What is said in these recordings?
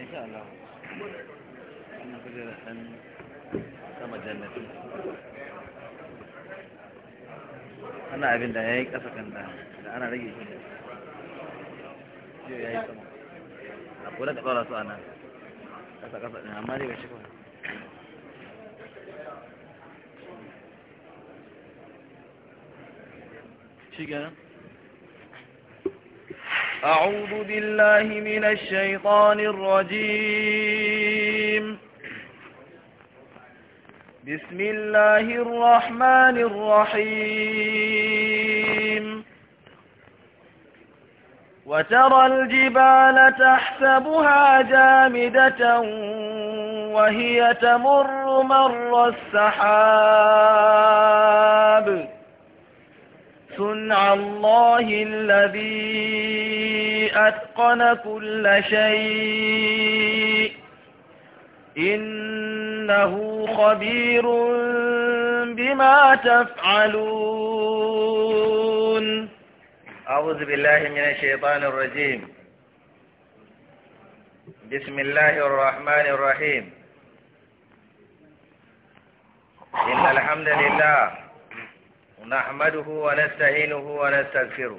insha Allah ana abin da ya yi kan da ana rage shi ya sama a kura da su ana kasa kasa amma dai ba shi kawai shi أعوذ بالله من الشيطان الرجيم بسم الله الرحمن الرحيم وترى الجبال تحسبها جامدة وهي تمر مر السحاب صنع الله الذي أتقن كل شيء إنه خبير بما تفعلون أعوذ بالله من الشيطان الرجيم بسم الله الرحمن الرحيم إن الحمد لله نحمده ونستهينه ونستغفره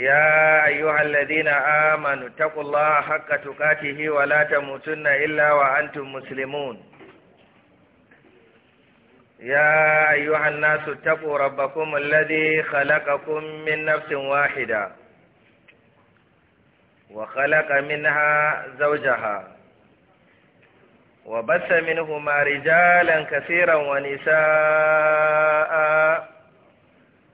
Ya ayyuhan Ladina Amanu taƙulla haƙƙa tuƙaci fiye da wata mutu na illawa antun Ya ayyuhan nasu taƙ'uraba kuma ladi kalaƙa ƙungmin naftin wahida. Wa kalaƙa min ha Wa bassamin humari jallan kafin ran wa nisaa'a.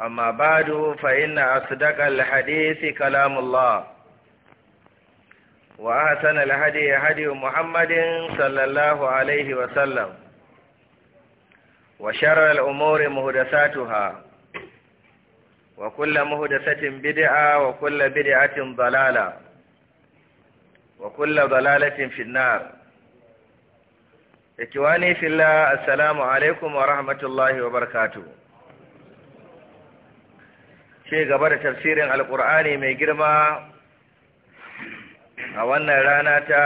أما بعد فإن أصدق الحديث كلام الله وأحسن الهدي هدي محمد صلى الله عليه وسلم وشر الأمور مهدساتها وكل مهدسة بدعة وكل بدعة ضلالة وكل ضلالة في النار إخواني في الله السلام عليكم ورحمة الله وبركاته ce gaba da tafsirin alkur'ani mai girma a wannan rana ta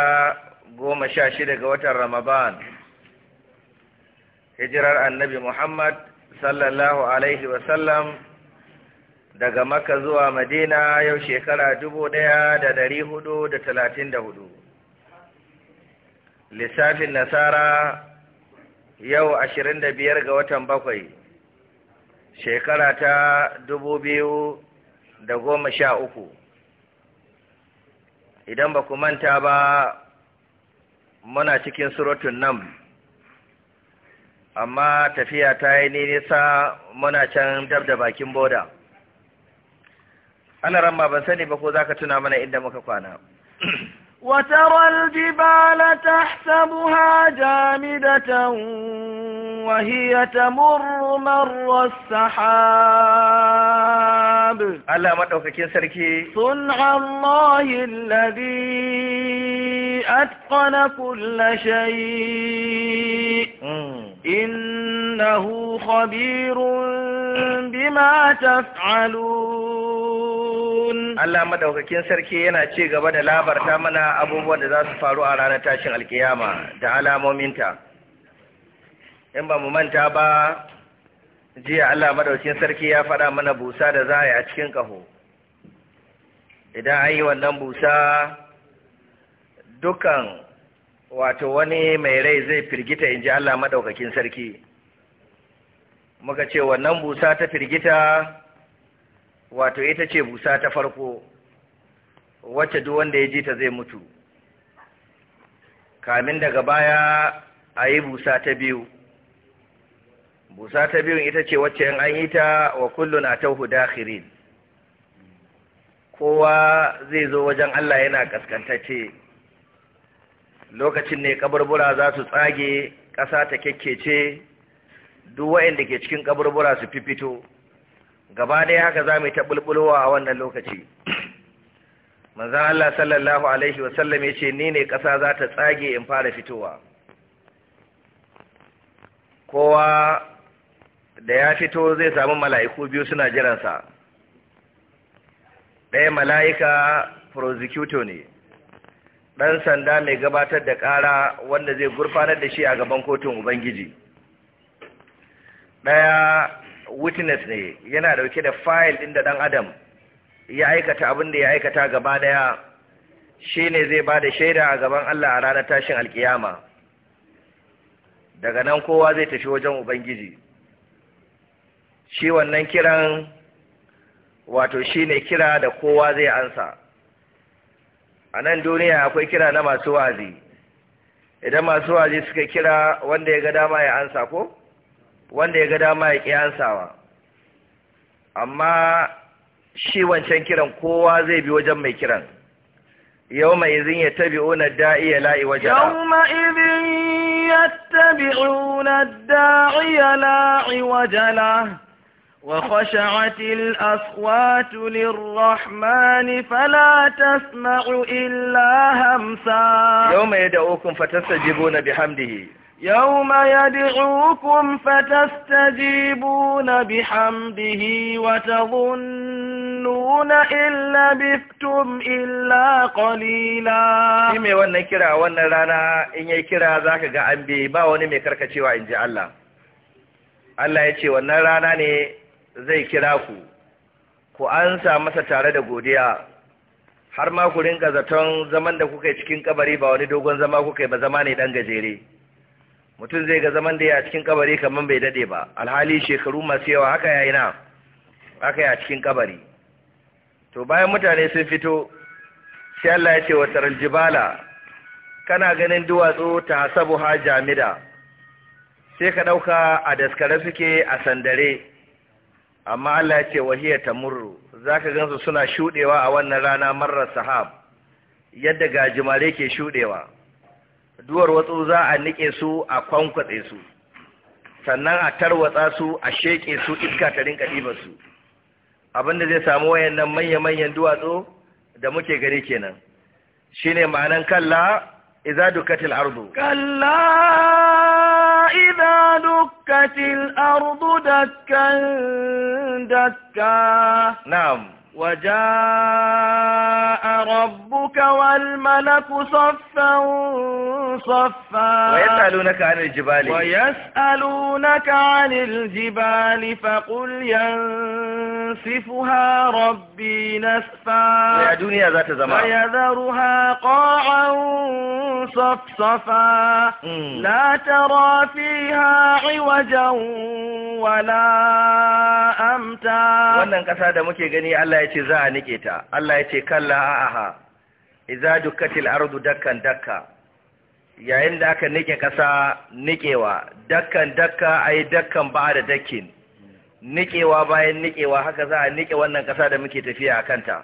goma sha shida ga watan ramadan hijirar annabi muhammad sallallahu alaihi wasallam daga maka zuwa madina yau shekara dubu ɗaya da dari hudu da talatin da hudu lissafin nasara yau ashirin da biyar ga watan bakwai shekara ta dubu biyu da goma sha uku idan ba ku manta ba muna cikin surutun nan amma tafiya ta yi ni nisa muna can dab da bakin boda ana ramma ban sani ba ko za ka tuna mana inda muka kwana وترى الجبال تحسبها جامدة وهي تمر مر السحاب الله ما دوكاكين سركي صنع الله الذي أتقن كل شيء إنه خبير بما تفعلون يعملون Allah maɗaukakin Sarki yana ci gaba da labarta mana abubuwan da za su faru a ranar tashin alkiyama da alamominta in ba mu manta ba jiya Allah madaukakin sarki ya faɗa mana busa da za a yi a cikin kaho. idan an yi wannan busa dukan wato wani mai rai zai firgita in ji Allah madaukakin sarki muka ce wannan busa ta firgita wato ita ce busa ta farko wacce duk wanda ya ji ta zai mutu kamin daga baya a yi busa ta biyu busa ta biyun ita ce wacce in an yi ta wa kullu a tauhu dakhirin kowa zai zo wajen Allah yana kaskantacce lokacin ne kaburbura za su tsage ƙasa ta kyakkece duk waɗanda ke cikin kaburbura su fifito gaba ɗaya haka za mu ta bulbulowa a wannan lokaci manzan Allah sallallahu alaihi wasallam ya ce ni ne ƙasa za ta tsage in fara fitowa kowa da ya fito zai samu mala'iku biyu suna jiransa ɗaya mala'ika prosecutor ne ɗan sanda mai gabatar da ƙara wanda zai gurfanar da shi a gaban kotun ubangiji ɗaya witness ne yana dauke da file din da dan adam ya aikata abin da ya aikata gaba daya shine zai ba da shaida a gaban Allah a ranar tashin alkiyama daga nan kowa zai tafi wajen ubangiji shi wannan kiran wato shine kira da kowa zai ansa a nan duniya akwai kira na masu wazi idan masu wazi suka kira wanda ya ga dama ya ansa ko wanda ya ga dama ya kiyansawa amma shi wancan kiran kowa zai bi wajen mai kiran yau mai izin ya tabi unar da'iya la'i wajen yau mai izin ya tabi unar da'iya la'i wajena وخشعت الأصوات للرحمن فلا تسمع إلا همسا يوم يدعوكم فتستجيبون بحمده يوم يدعوكم فتستجيبون بحمده وتظنون إن لبثتم إلا قليلا shi mai wannan kira wannan rana in yayi kira zaka ga an ba wani mai karkacewa inji Allah Allah ya ce wannan rana ne zai kira ku ku ansa masa tare da godiya har ma ku rinka zaton zaman da kuka yi cikin ƙabari ba wani dogon zama kuka ba zama ne dan gajere mutum zai ga zaman da ya cikin kabari kamar bai dade ba alhali shekaru masu yawa haka ya yi na haka ya cikin kabari to bayan mutane sun fito sai Allah ya ce wa jibala kana ganin duwatsu ta sabu ha jamida sai ka ɗauka a daskare suke a sandare amma Allah ya ce tamuru za zaka gansu suna shuɗewa a wannan rana marar sahab yadda gajimare ke shuɗewa. duwar watsu za a nike su a kwankwatse su sannan a tarwatsa su a sheke su iska ta rinka ɗibar su abinda zai samu wayannan manya-manyan duwatsu da muke gani kenan shine ma'anan kalla idza dukkatil ardu kalla idza dukkatil ardu dakkan dakka na'am وجاء ربك والملك صفا صفا ويسألونك عن الجبال ويسألونك عن الجبال فقل ينسفها ربي نسفا يا دنيا ذات زمان ويذرها قاعا صفصفا لا ترى فيها عوجا ولا أمتا wannan ƙasa da muke gani Allah ya ce za a nike ta Allah ya ce kalla a ha iza dukkatil ardu dakkan dakka yayin da aka nike kasa nikewa dakkan dakka ai dakkan ba da dakin nikewa bayan nikewa haka za a nike wannan kasa da muke tafiya a kanta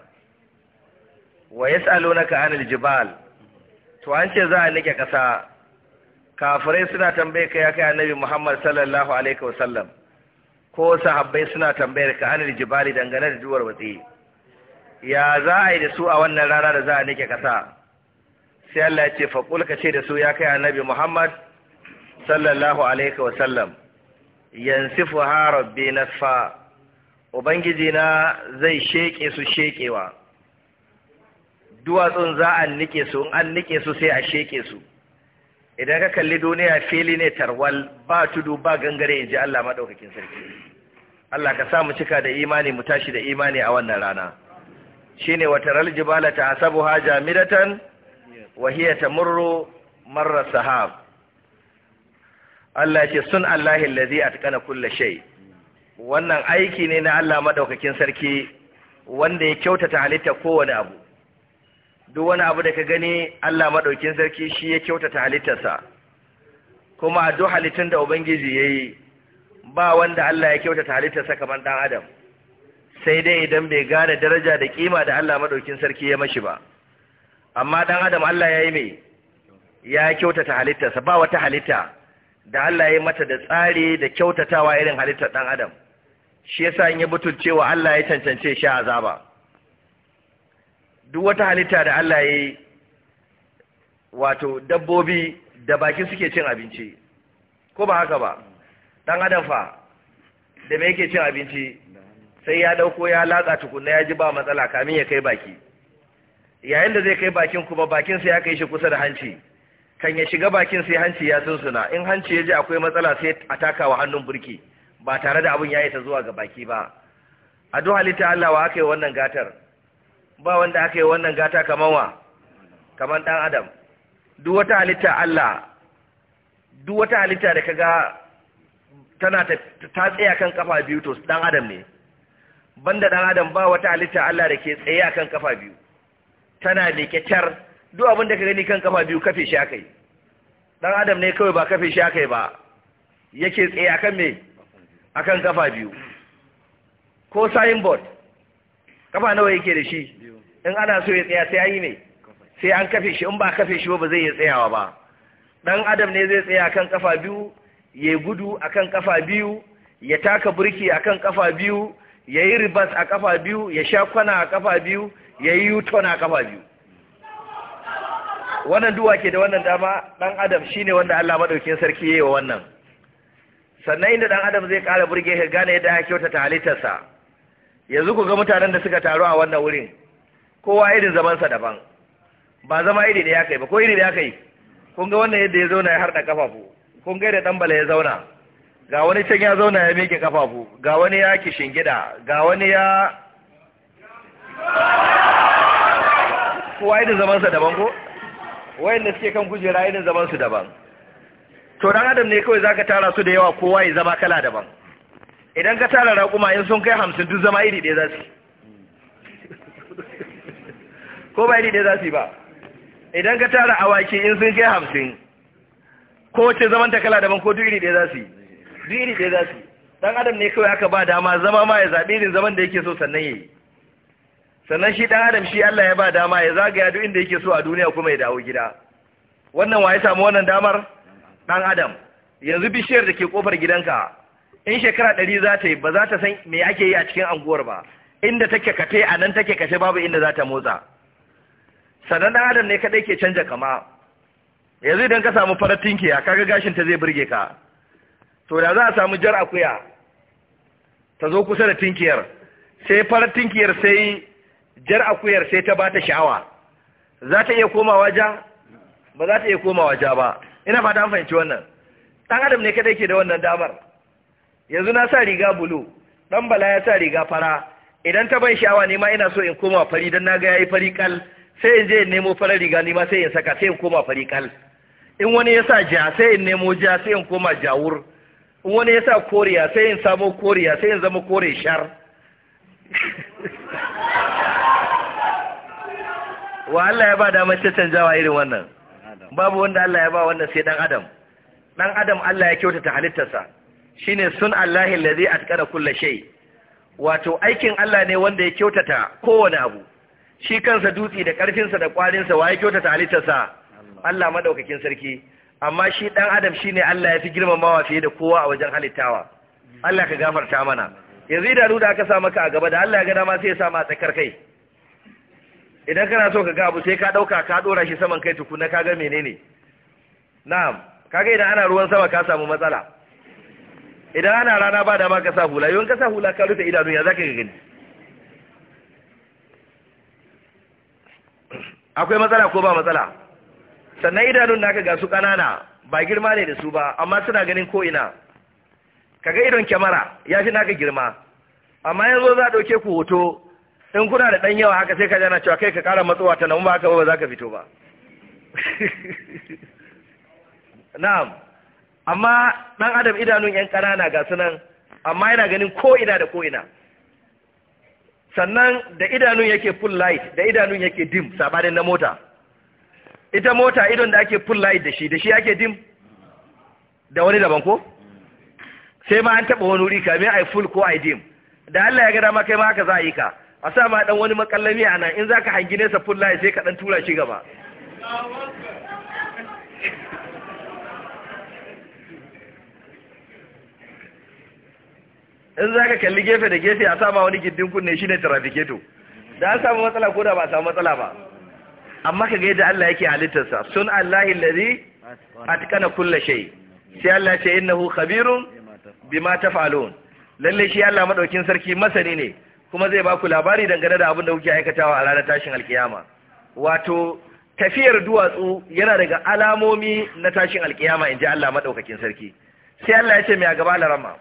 wa yas'alunaka anil jibal to an ce za a nike kasa kafirai suna tambaye ka ya kai annabi Muhammad sallallahu alaihi wasallam ko sahabbai suna tambayar ka anil jibali dangane da duwar watsi ya za a yi da su a wannan rana da za a nike kasa sai Allah ya ce faƙul ka ce da su ya kai annabi Muhammad sallallahu alaihi wasallam yansifu ha rabbi nasfa ubangiji na zai sheke su shekewa duwatsun za a nike su in an nike su sai a sheke su idan ka kalli duniya fili ne tarwal ba tudu ba gangare in ji Allah maɗaukakin sarki Allah ka sa mu cika da imani mu tashi da imani a wannan rana shine wa ta asabu haja jamidatan wa hiya murro marar sahab Allah ce sun Allah Allahi a tukana kulle shai. wannan aiki ne na Allah maɗaukakin sarki wanda ya kyautata halitta kowane abu duk wani abu da ka gani Allah maɗaukin sarki shi ya kyautata halittarsa kuma a duk halittun da ubangiji ya yi, ba wanda Allah ya kyautata halittarsa kamar ɗan adam sai dai idan bai gane daraja da kima da Allah madaukin sarki ya mashi ba amma dan adam Allah ya yi mai ya kyautata halittarsa ba wata halitta da Allah ya yi mata da tsari da kyautatawa irin halittar dan adam shi yasa in ya butulcewa Allah ya cancance shi azaba duk wata halitta da Allah ya yi wato dabbobi da baki suke cin abinci ko ba haka ba dan adam fa da me yake cin abinci sai ya dauko ya latsa tukunna ya ji ba matsala kamin ya kai baki yayin da zai kai bakin kuma bakin sai ya kai shi kusa da hanci kan ya shiga bakin sai hanci ya sunsuna in hanci ya ji akwai matsala sai a taka wa hannun burki ba tare da abin ya isa zuwa ga baki ba a duk halitta Allah wa aka yi wannan gatar ba wanda aka yi wannan gata kaman wa kamar dan adam duk wata halitta Allah duk wata halitta da kaga tana ta tsaya kan kafa biyu to dan adam ne banda dan adam ba wata halitta Allah da ke tsaye akan kafa biyu tana leke tar duk abin da ka gani kan kafa biyu kafe shi akai dan adam ne kawai ba kafe shi akai ba yake tsaye akan me akan kafa biyu ko bot. kafa nawa yake da shi in ana so ya tsaya sai yi ne sai an kafe shi in ba kafe shi ba zai iya tsayawa ba dan adam ne zai tsaya akan kafa biyu ya gudu akan kafa biyu ya taka burki akan kafa biyu ya yi ribas a kafa biyu ya sha kwana a kafa biyu ya yi yuton a kafa biyu wannan duwa ke da wannan dama ɗan adam shi ne wanda Allah maɗaukin sarki ya yi wa wannan sannan inda ɗan adam zai ƙara burge ka gane yadda ya kyautata halittarsa yanzu ku ga mutanen da suka taru a wannan wurin kowa irin zamansa daban ba zama iri da ya kai ba ko iri da ya kai kun ga wannan yadda ya zauna ya harɗa kafafu kun ga yadda ɗan bala ya zauna ga wani can ya zauna ya miƙe kafafu ga wani ya kishin gida ga wani ya kuwa irin zamansa daban ko wayanda suke kan kujera irin zamansu daban to dan adam ne kawai zaka tara su da yawa kowa ya zama kala daban idan ka tara raƙuma in sun kai hamsin duk zama iri ɗaya za su ko ba iri ɗaya za su yi ba idan ka tara awaki in sun kai hamsin ko wacce zaman ta kala daban ko duk iri ɗaya za su yi duk da ɗaya za su ɗan adam ne kawai aka ba dama zama ma ya zabi irin zaman da yake so sannan yayi yi sannan shi ɗan adam shi Allah ya ba dama ya zagaya duk inda yake so a duniya kuma ya dawo gida wannan wa ya samu wannan damar ɗan adam yanzu bishiyar da ke ƙofar gidanka in shekara ɗari za ta yi ba za ta san me ake yi a cikin anguwar ba inda take kafe a nan take kashe babu inda za ta motsa sannan dan adam ne kaɗai ke canja kama yanzu idan ka samu farar tinkiya kaga gashin ta zai burge ka to da za a samu jar akuya ta zo kusa da tinkiyar sai farar tinkiyar sai jar akuyar sai ta bata sha'awa za ta iya komawa ja ba za ta iya komawa ja ba ina fata an fahimci wannan ɗan adam ne kadai ke da wannan damar yanzu na sa riga bulu ɗan bala ya sa riga fara idan ta ban sha'awa ne ma ina so in koma fari don na ga yayi fari kal sai in je in nemo farar riga ni ma sai in saka sai in koma fari kal in wani ya sa ja sai in nemo ja sai in koma jawur in wani ya sa koriya sai in samo koriya sai in zama kore shar wa Allah ya ba damar canjawa irin wannan babu wanda Allah ya ba wannan sai dan adam dan adam Allah ya kyautata halittarsa Shi ne sun Allahi a atqana kulli shai. wato aikin Allah ne wanda ya kyautata kowane abu shi kansa dutse da karfinsa da kwarinsa wa ya kyautata halittarsa Allah madaukakin sarki amma shi ɗan adam shi ne Allah ya fi girmamawa fiye da kowa a wajen halittawa Allah ka gafarta mana yanzu idanu da aka sa maka a gaba da Allah ya ga dama sai ya sa ma tsakar kai idan kana so ka ga abu sai ka ɗauka ka ɗora shi saman kai tukuna ka ga menene na'am kaga idan ana ruwan sama ka samu matsala idan ana rana ba ma ka sa hula yawan ka sa hula ka rufe idanu ya za ka gani akwai matsala ko ba matsala sannan idanun naka ga su ƙanana ba girma ne da su ba amma suna ganin ko'ina kaga idon kyamara ya fi naka girma amma yanzu za a ɗauke ku hoto in kuna da ɗan yawa haka sai ka jana cewa kai ka ƙara matsowa ta nan ba haka ba za ka fito ba na'am amma ɗan adam idanun yan ƙanana ga su nan amma yana ganin ko'ina da ko'ina sannan da idanun yake full light da idanun yake dim saɓanin na mota ita mota idon da ake full light da shi da shi ake dim da wani daban ko sai ma an taba wani wuri kamin ai full ko ai dim da Allah ya ga dama kai ma haka za a yi ka a sa ma dan wani makallami a nan in zaka hangi nesa full light sai ka dan tura shi gaba in zaka kalli gefe da gefe a sa ma wani gindin kunne shine trafiketo da an samu matsala ko da ba a samu matsala ba amma kaga yadda Allah yake halittarsa sun Allahi allazi atkana kulle shai. sai Allah ce innahu khabirun bima taf'alun lalle shi Allah madaukin sarki masani ne kuma zai baku labari dangane da abin da kuke aikatawa a ranar tashin alkiyama wato tafiyar duwatsu yana daga alamomi na tashin alkiyama inji Allah madaukakin sarki sai Allah ya ce mai a gaba larama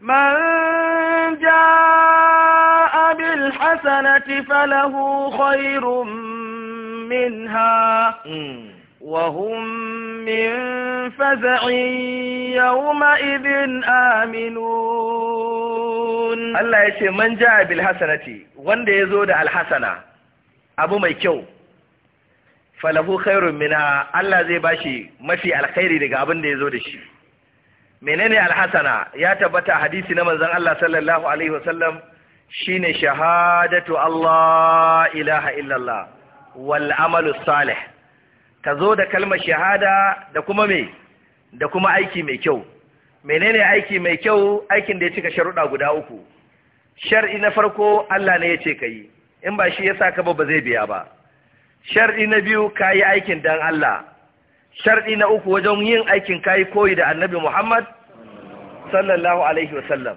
من جاء بالحسنة Falahu خير منها وهم من فزع يومئذ آمنون الله Bilhasanati من جاء بالحسنة da يزود الحسنة أبو ميكيو falahu khairun minha Allah zai bashi mafi alkhairi daga abin da zo da shi menene alhasana ya tabbata hadisi na manzon Allah sallallahu shine shahadatu Allah ilaha wal amalu salih ka zo da kalmar shahada da kuma me da kuma aiki mai kyau menene aiki mai kyau aikin da ya cika sharuɗa guda uku shar'i na farko Allah ne ya ce ka yi in ba shi ya sa ka ba ba zai biya ba shar'i na biyu ka yi aikin dan Allah shar'i na uku wajen yin aikin ka yi koyi da annabi Muhammad sallallahu alaihi wasallam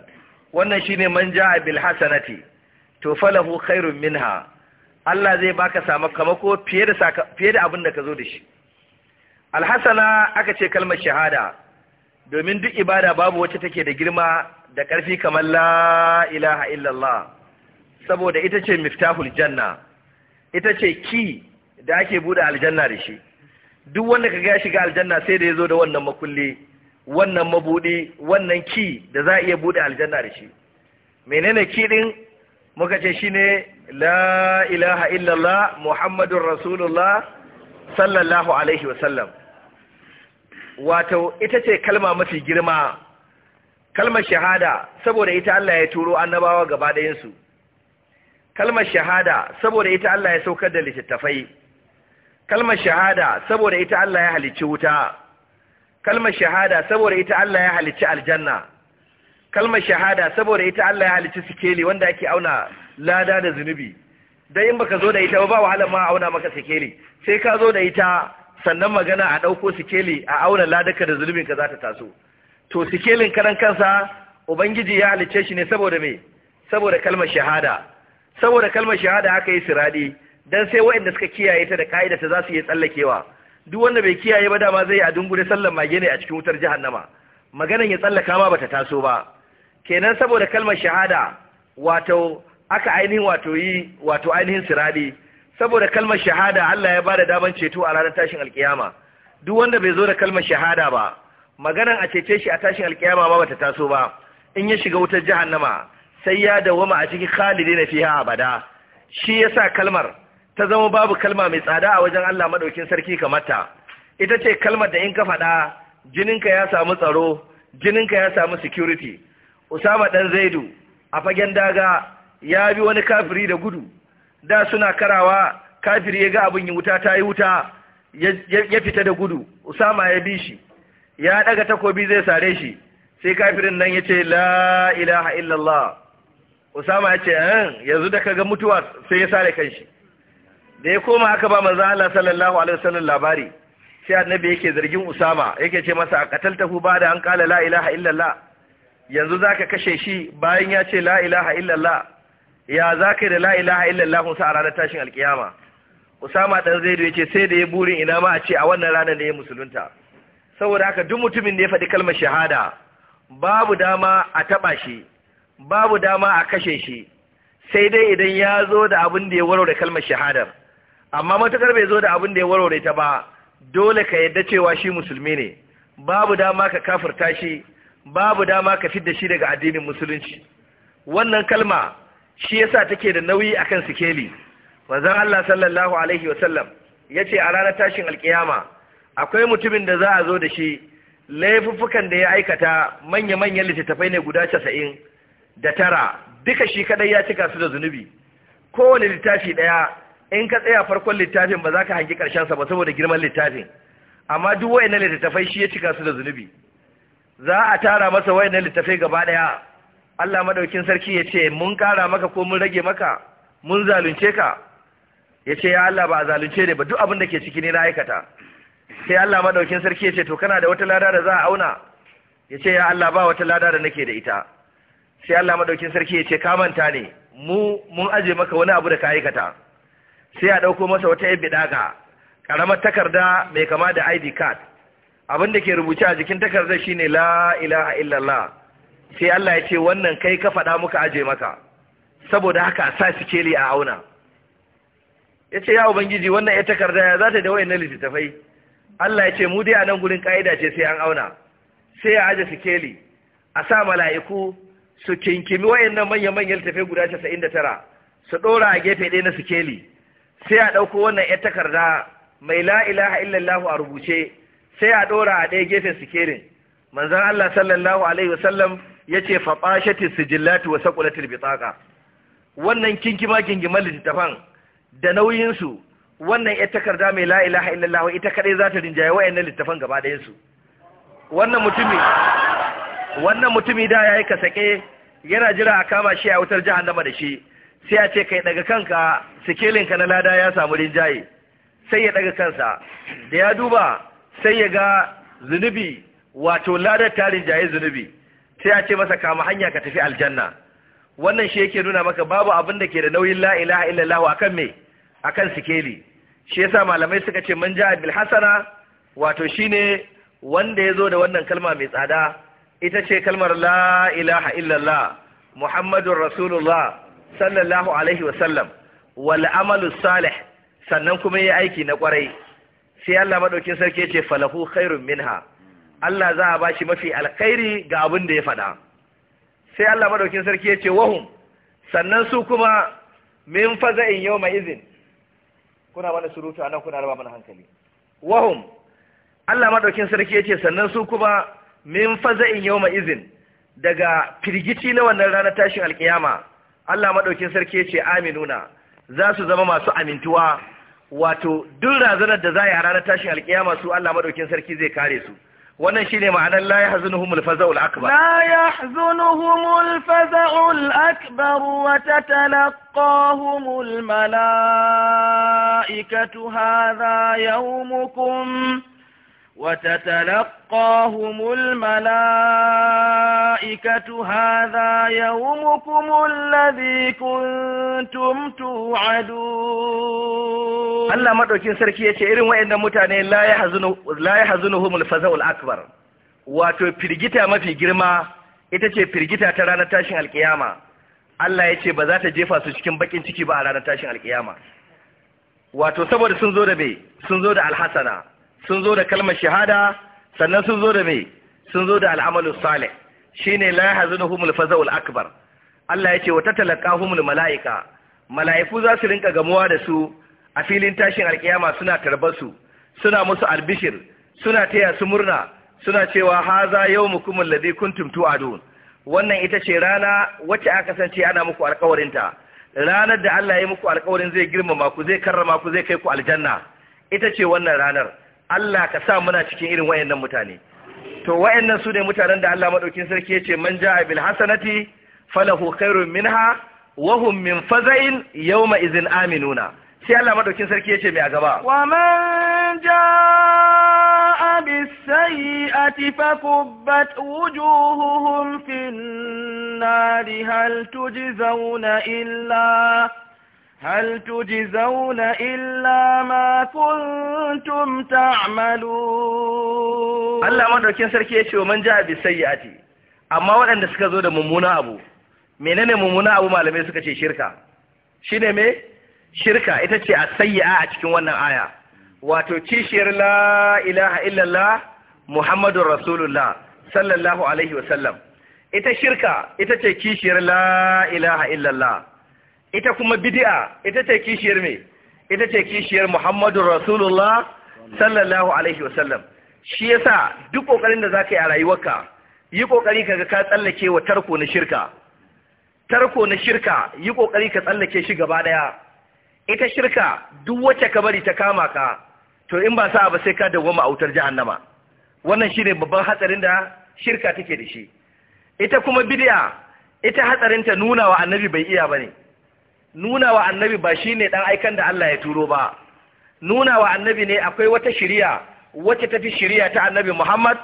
wannan shine Manja ja'a bil hasanati to falahu khairun minha Allah zai baka sakamako fiye da fiye da abin da ka zo da shi alhasana aka ce kalmar shahada domin duk ibada babu wacce take da girma da ƙarfi kamar la ilaha illallah saboda ita ce miftahul janna ita ce ki da ake buɗe aljanna da shi duk wanda ka ga shiga aljanna sai da ya zo da wannan makulli wannan mabuɗi wannan ki da za a iya buɗe aljanna da shi menene ki din muka ce shine la ilaha illallah muhammadun rasulullah sallallahu alaihi wa sallam. wato ita ce kalma mafi girma kalmar shahada saboda ita Allah ya turo annabawa gaba ɗayansu kalmar shahada saboda ita Allah ya saukar da littattafai kalmar shahada saboda ita Allah ya halicci wuta kalmar shahada saboda ita Allah ya halicci aljanna kalmar shahada saboda ita Allah ya halicci sikeli wanda ake auna lada da zunubi da in baka zo da ita ba wahala ma auna maka sikeli sai ka zo da ita sannan magana a ɗauko sikeli a auna ladaka da zunubin ka za ta taso to sikelin karan kansa ubangiji ya halicce shi ne saboda me saboda kalmar shahada saboda kalmar shahada aka yi siradi dan sai waɗanda suka kiyaye ta da ka'ida ta za su yi tsallakewa duk wanda bai kiyaye ba dama zai yi a dungure sallar mage ne a cikin wutar jahannama maganan ya tsallaka ma bata taso ba kenan saboda kalmar shahada wato aka ainihin wato yi wato ainihin siradi saboda kalmar shahada Allah ya ba da damar ceto a ranar tashin alkiyama duk wanda bai zo da kalmar shahada ba maganar a cece shi a tashin alkiyama ba bata taso ba in ya shiga wutar jahannama sai ya dawama a cikin na fiha abada shi yasa kalmar ta zama babu kalma mai tsada a wajen Allah madaukin sarki kamar ta ita ce kalmar da in ka faɗa jinin ka ya samu tsaro jinin ka ya samu security Usama dan Zaidu a fagen daga ya bi wani kafiri da gudu da suna karawa kafiri ya ga abin yi wuta ta yi wuta ya fita da gudu usama ya bi shi ya daga takobi zai sare shi sai kafirin nan ya ce la ilaha illallah usama ya ce eh, yanzu da ka ga mutuwa sai ya sare kanshi da ya koma aka ba manzo Allah sallallahu alaihi wasallam labari sai annabi yake zargin usama yake ce masa a bada ba da an kala la ilaha illallah yanzu zaka kashe shi bayan ya ce la ilaha illallah ya za ka da la'ilaha illallah sa a ranar tashin alkiyama usama ɗan zaidu ya ce sai da ya burin ina ma a ce a wannan ranar da ya musulunta saboda haka duk mutumin da ya faɗi kalmar shahada babu dama a taɓa shi babu dama a kashe shi sai dai idan ya zo da abin da ya warware kalmar shahadar amma matukar bai zo da abin da ya warware ta ba dole ka yadda cewa shi musulmi ne babu dama ka kafirta shi babu dama ka fidda shi daga addinin musulunci wannan kalma shi yasa take da nauyi akan sikeli manzon Allah sallallahu alaihi sallam yace a ranar tashin alkiyama akwai mutumin da za a zo da shi laifuffukan da ya aikata manya-manyan littattafai ne guda casa'in da tara duka shi kadai ya cika su da zunubi kowane littafi ɗaya in ka tsaya farkon littafin ba za ka hangi sa ba saboda girman littafin amma duk wayannan littattafai shi ya cika su da zunubi za a tara masa wayannan littattafai gaba ɗaya Allah madaukin sarki ya ce mun kara maka ko mun rage maka mun zalunce ka ya ce ya Allah ba a zalunce ne ba duk abin da ke ciki ne na aikata sai Allah madaukin sarki ya ce to kana da wata lada da za a auna ya ce ya Allah ba wata lada da nake da ita sai Allah madaukin sarki ya ce ka manta ne mu mun aje maka wani abu da ka aikata sai a dauko masa wata yabi daga karamar takarda mai kama da ID card abin da ke rubuce a jikin takardar shine la ilaha illallah sai Allah ya ce wannan kai ka faɗa muka aje maka saboda haka sa sikeli a auna ya ce ya ubangiji wannan ya takarda ya za ta da wayannan littattafai Allah ya ce mu dai a nan gurin ƙa'ida ce sai an auna sai ya aje sikeli a sa mala'iku su kinkimi wayannan manya-manyan littattafai guda 99 su ɗora a gefe ɗaya na sikeli sai a ɗauko wannan ya takarda mai la'ilaha ilaha illallahu a rubuce sai a ɗora a ɗaya gefen sikelin manzan Allah sallallahu alaihi wasallam ya ce bashati sijillati wa saqulatil bitaqa wannan kinkima gingimar littattafan. da nauyinsu wannan ya takarda mai la ilaha illallah ita kadai za ta rinjaye na littattafan gaba wannan mutumi da ya yi ka sake yana jira a kama shi a wutar jahannama da shi sai a ce kai daga kanka sikelinka na lada ya samu rinjaye sai ya daga kansa da ya duba sai ya ga zunubi wato ladar ta rinjaye zunubi sai a ce masa kama hanya ka tafi aljanna wannan shi yake nuna maka babu abin da ke da nauyin la ilaha illallah akan me akan sikeli shi yasa malamai suka ce manja ja'a bil wato shine wanda ya zo da wannan kalma mai tsada ita ce kalmar la ilaha illallah muhammadur rasulullah sallallahu alaihi wa sallam wal amalu salih sannan kuma yayi aiki na kwarai sai Allah maɗaukin sarki ya ce falahu khairun minha Allah za a bashi mafi alkhairi ga abin da ya faɗa sai Allah madaukin sarki ya ce wahum sannan su kuma min faza'in mai izin kuna wani surutu anan kuna raba mana hankali wahum Allah madaukin sarki ya ce sannan su kuma min faza'in mai izin daga firgici na wannan ranar tashin alkiyama Allah madaukin sarki ya ce aminuna za su zama masu amintuwa wato duk razanar da za a yi ranar tashin alkiyama su Allah madaukin sarki zai kare su wannan shine ma'anar la yahzunuhumul faza'ul akbar la yahzunuhumul faza'ul akbar wa tatalaqahumul malaikatu hadha yawmukum وتتلقاهم الملائكة هذا يومكم الذي كنتم توعدون الله مدوكين سركي يتي إرم وإن متعني لا يحزن لا يحزنهم الفزع الأكبر wato firgita mafi girma ita ce firgita ta ranar tashin alkiyama Allah ya ce ba za ta jefa su cikin bakin ciki ba a ranar tashin alkiyama wato saboda sun zo da me sun sun zo da kalmar shahada sannan sun zo da me sun zo da al'amalu salih shine la humul faza'ul akbar Allah yace wa humul malaika malaiku za su rinka gamuwa da su a filin tashin alkiyama suna tarbar su suna musu albishir suna taya su murna suna cewa haza yawmukum alladhi kuntum tu'adun wannan ita ce rana wacce aka kasance ana muku ta ranar da Allah ya muku alƙawarin zai girmama ku zai karrama ku zai kai ku aljanna ita ce wannan ranar Allah ka sa muna cikin irin wayannan mutane to wayannan su ne mutanen da Allah madaukin sarki yace man ja'a bil hasanati falahu khairun minha wa hum min faza'in yawma idhin aminuna sai Allah madaukin sarki yace mai a gaba wa man ja'a bis sayyi'ati fakubbat wujuhuhum fin nari hal tujzauna illa هل تجزون إلا ما كنتم تعملون الله ما دوكين سركي يتي ومن جاء بالسيئة أما وأن suka zo da mummuna abu menene mummuna abu malamai suka ce shirka shine me shirka ita ce a sayya a cikin wannan aya wato kishiyar la ilaha illallah muhammadun rasulullah sallallahu ita shirka ita ce kishiyar la ilaha illallah ita kuma bidi'a ita ce kishiyar me ita ce kishiyar Muhammadu Rasulullah sallallahu alaihi wasallam shi yasa duk kokarin da zaka yi a rayuwarka yi kokari kaga ka tsallake wa tarko na shirka tarko na shirka yi kokari ka tsallake shi gaba daya ita shirka duk wacce ka bari ta kama ka to in ba sa ba sai ka dawwama a wutar jahannama wannan shine babban hatsarin da shirka take da shi ita kuma bid'a ita hatsarin ta nuna wa annabi bai iya ba ne. nuna wa annabi ba shine dan aikan da Allah ya turo ba nuna wa annabi ne akwai wata shiriya wacce tafi shiriya ta annabi Muhammad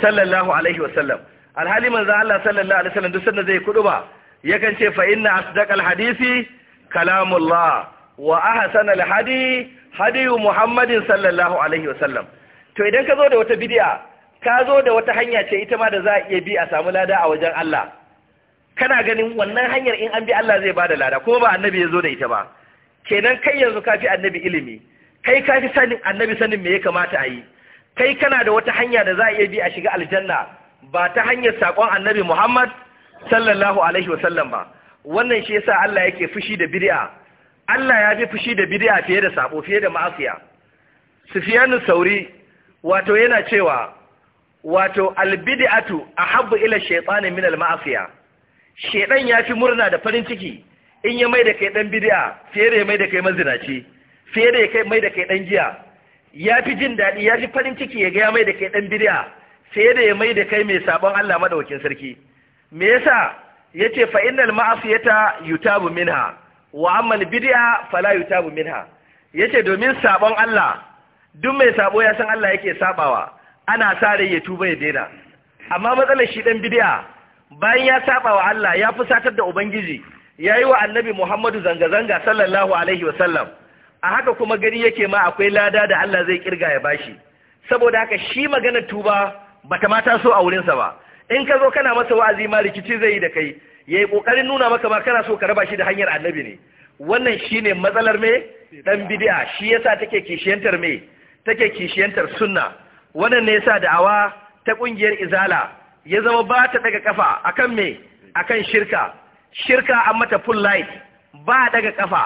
sallallahu alaihi wasallam alhali manzo Allah sallallahu alaihi wasallam duk sanda zai kudu ba yakan ce fa inna asdaqal hadisi kalamullah wa ahsanal hadi hadi Muhammadin sallallahu alaihi wasallam to idan ka zo da wata bid'a ka zo da wata hanya ce ita ma da za a iya bi a samu lada a wajen Allah kana ganin wannan hanyar in an bi Allah zai bada lada ko ba annabi ya zo da ita ba kenan kai yanzu ka annabi ilimi kai kafi fi sanin annabi sanin me ya kamata a yi kai kana da wata hanya da za a iya bi a shiga aljanna ba ta hanyar saƙon annabi Muhammad sallallahu alaihi wasallam ba wannan shi yasa Allah yake fushi da bid'a Allah ya fi fushi da bid'a fiye da sabo fiye da ma'asiya sufyanu Sauri wato yana cewa wato albid'atu ahabbu ila shaytani min al-ma'asiya shedan ya fi murna da farin ciki in ya mai da kai dan bid'a fiye da ya mai da kai mazinaci fiye da ya mai da kai dan giya ya fi jin daɗi ya fi farin ciki ya ga ya mai da kai dan bid'a fiye da ya mai da kai mai sabon Allah maɗaukin sarki me yasa yace fa innal ma'asiyata yutabu minha wa amma bid'a fala yutabu minha yace domin sabon Allah duk mai sabo ya san Allah yake sabawa ana sa rai ya tuba ya daina amma matsalar shi dan bid'a bayan ya saba wa Allah ya fusatar da ubangiji ya yi wa annabi Muhammadu zanga zanga sallallahu alaihi wasallam a haka kuma gani yake ma akwai lada da Allah zai kirga ya bashi saboda haka shi magana tuba bata mata so a wurinsa ba in ka zo kana masa wa'azi ma rikici zai yi da kai ya yi kokarin nuna maka ma kana so ka raba shi da hanyar annabi ne wannan shine matsalar me dan bid'a shi yasa take kishiyantar me take kishiyantar sunna wannan ne yasa da'awa ta ƙungiyar izala ya zama ba ta daga kafa akan me akan shirka shirka an mata full light ba daga kafa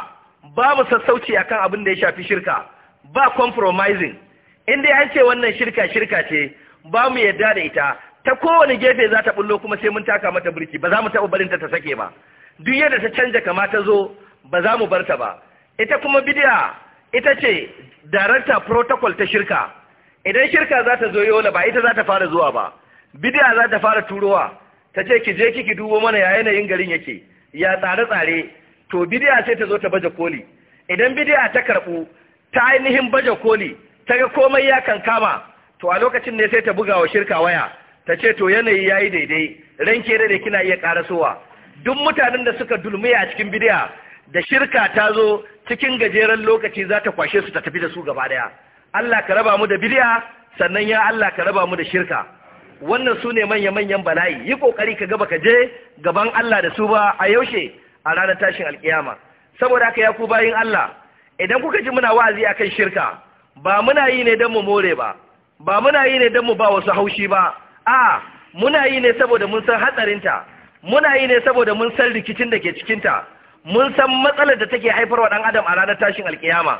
mu sassauci akan abin da ya shafi shirka ba compromising in dai an ce wannan shirka shirka ce ba mu yadda da ita ta kowane gefe za ta bullo kuma sai mun taka mata birki ba za mu taɓa barinta ta sake ba duk yadda ta canja kama ta zo ba za mu barta ba ita kuma bidiya ita ce director protocol ta shirka idan shirka za ta zo yola ba ita za ta fara zuwa ba bidiya za ta fara turowa ta ce ki je kiki dubo mana ya yanayin garin yake ya tsare-tsare to bidiya sai ta zo ta baje koli idan bidiya ta karɓu ta ainihin baje koli ta ga komai ya kankama to a lokacin ne sai ta buga wa shirka waya ta ce to yanayi ya yi daidai ranke da kina iya karasowa duk mutanen da suka dulmiya a cikin bidiya da shirka ta zo cikin gajeren lokaci za ta kwashe su ta tafi da su gaba daya Allah ka raba mu da bidiya sannan ya Allah ka raba mu da shirka wannan su ne manya-manyan bala'i yi kokari ka gaba ka je gaban Allah da su ba a yaushe a ranar tashin alƙiyama saboda haka ya ku bayin Allah idan kuka ji muna wa'azi akan shirka ba muna yi ne don mu more ba ba muna yi ne don mu ba wasu haushi ba a muna yi ne saboda mun san hatsarinta muna yi ne saboda mun san rikicin da ke cikin ta mun san matsalar da take haifar wa ɗan adam a ranar tashin alkiyama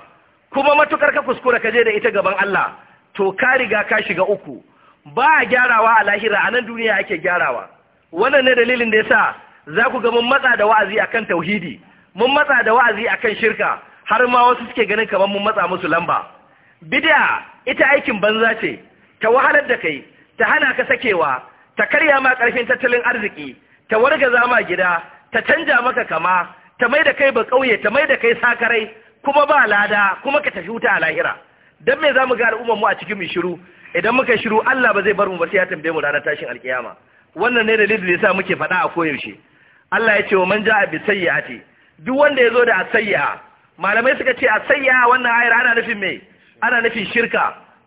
kuma matukar ka kuskura ka je da ita gaban Allah to ka riga ka shiga uku ba a gyarawa a lahira a nan duniya ake gyarawa wannan ne dalilin da yasa za ku ga mun matsa da wa'azi akan tauhidi mun matsa da wa'azi akan shirka har ma wasu suke ganin kamar mun matsa musu lamba bid'a ita aikin banza ce ta wahalar da kai ta hana ka sakewa ta karya ma karfin tattalin arziki ta warga zama gida ta canja maka kama ta mai da kai ba kauye ta mai da kai sakarai kuma ba lada kuma ka tafi wuta a lahira dan me zamu ga al'ummar mu a cikin mu shiru idan muka shiru Allah ba zai bar mu ba sai ya tambaye mu ranar tashin alkiyama wannan ne dalilin da yasa muke faɗa a koyaushe Allah ya ce wa man ja'a bi sayyi'ati duk wanda ya zo da asayya malamai suka ce asayya wannan ayar ana nufin me ana nufin shirka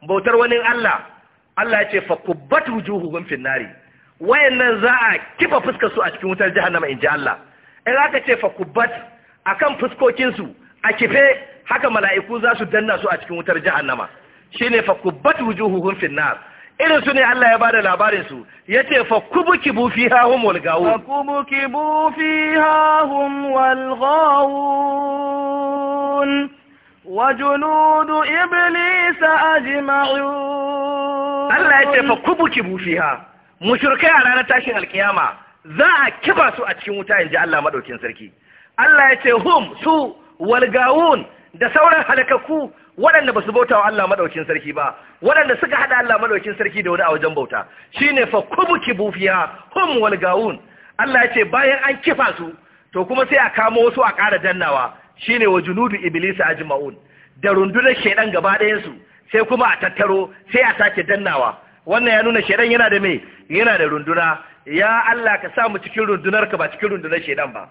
bautar wani Allah Allah ya ce fa kubbat wujuhuhum fin nari wayannan za a kifa fuskar su a cikin wutar jahannama in ji Allah in aka ce fa kubbat akan fuskokin su a kife haka mala'iku za su danna su a cikin wutar jahannama shine fa kubbat wujuhuhum fin nar irin su ne Allah ya bada labarin su yace fa kubukibu fiha hum wal gawun fa kubukibu fiha hum wal gawun wa junudu iblis ajma'un Allah yace fa kubukibu fiha mushrikai a ranar tashin alkiyama za a kiba su a cikin wuta inji Allah madaukin sarki Allah yace hum su wal gawun da sauran halakaku waɗanda ba su bauta wa Allah maɗaukin sarki ba waɗanda suka haɗa Allah maɗaukin sarki da wani a wajen bauta Shi ne fa ki bufiya hum wal gawun Allah ya ce bayan an kifa su to kuma sai a kamo wasu a ƙara dannawa shine wa junudu iblis jima'un da rundunar shaidan gaba ɗayansu sai kuma a tattaro sai a sake dannawa wannan ya nuna shaidan yana da me yana da runduna ya Allah ka sa mu cikin rundunar ka ba cikin rundunar shaidan ba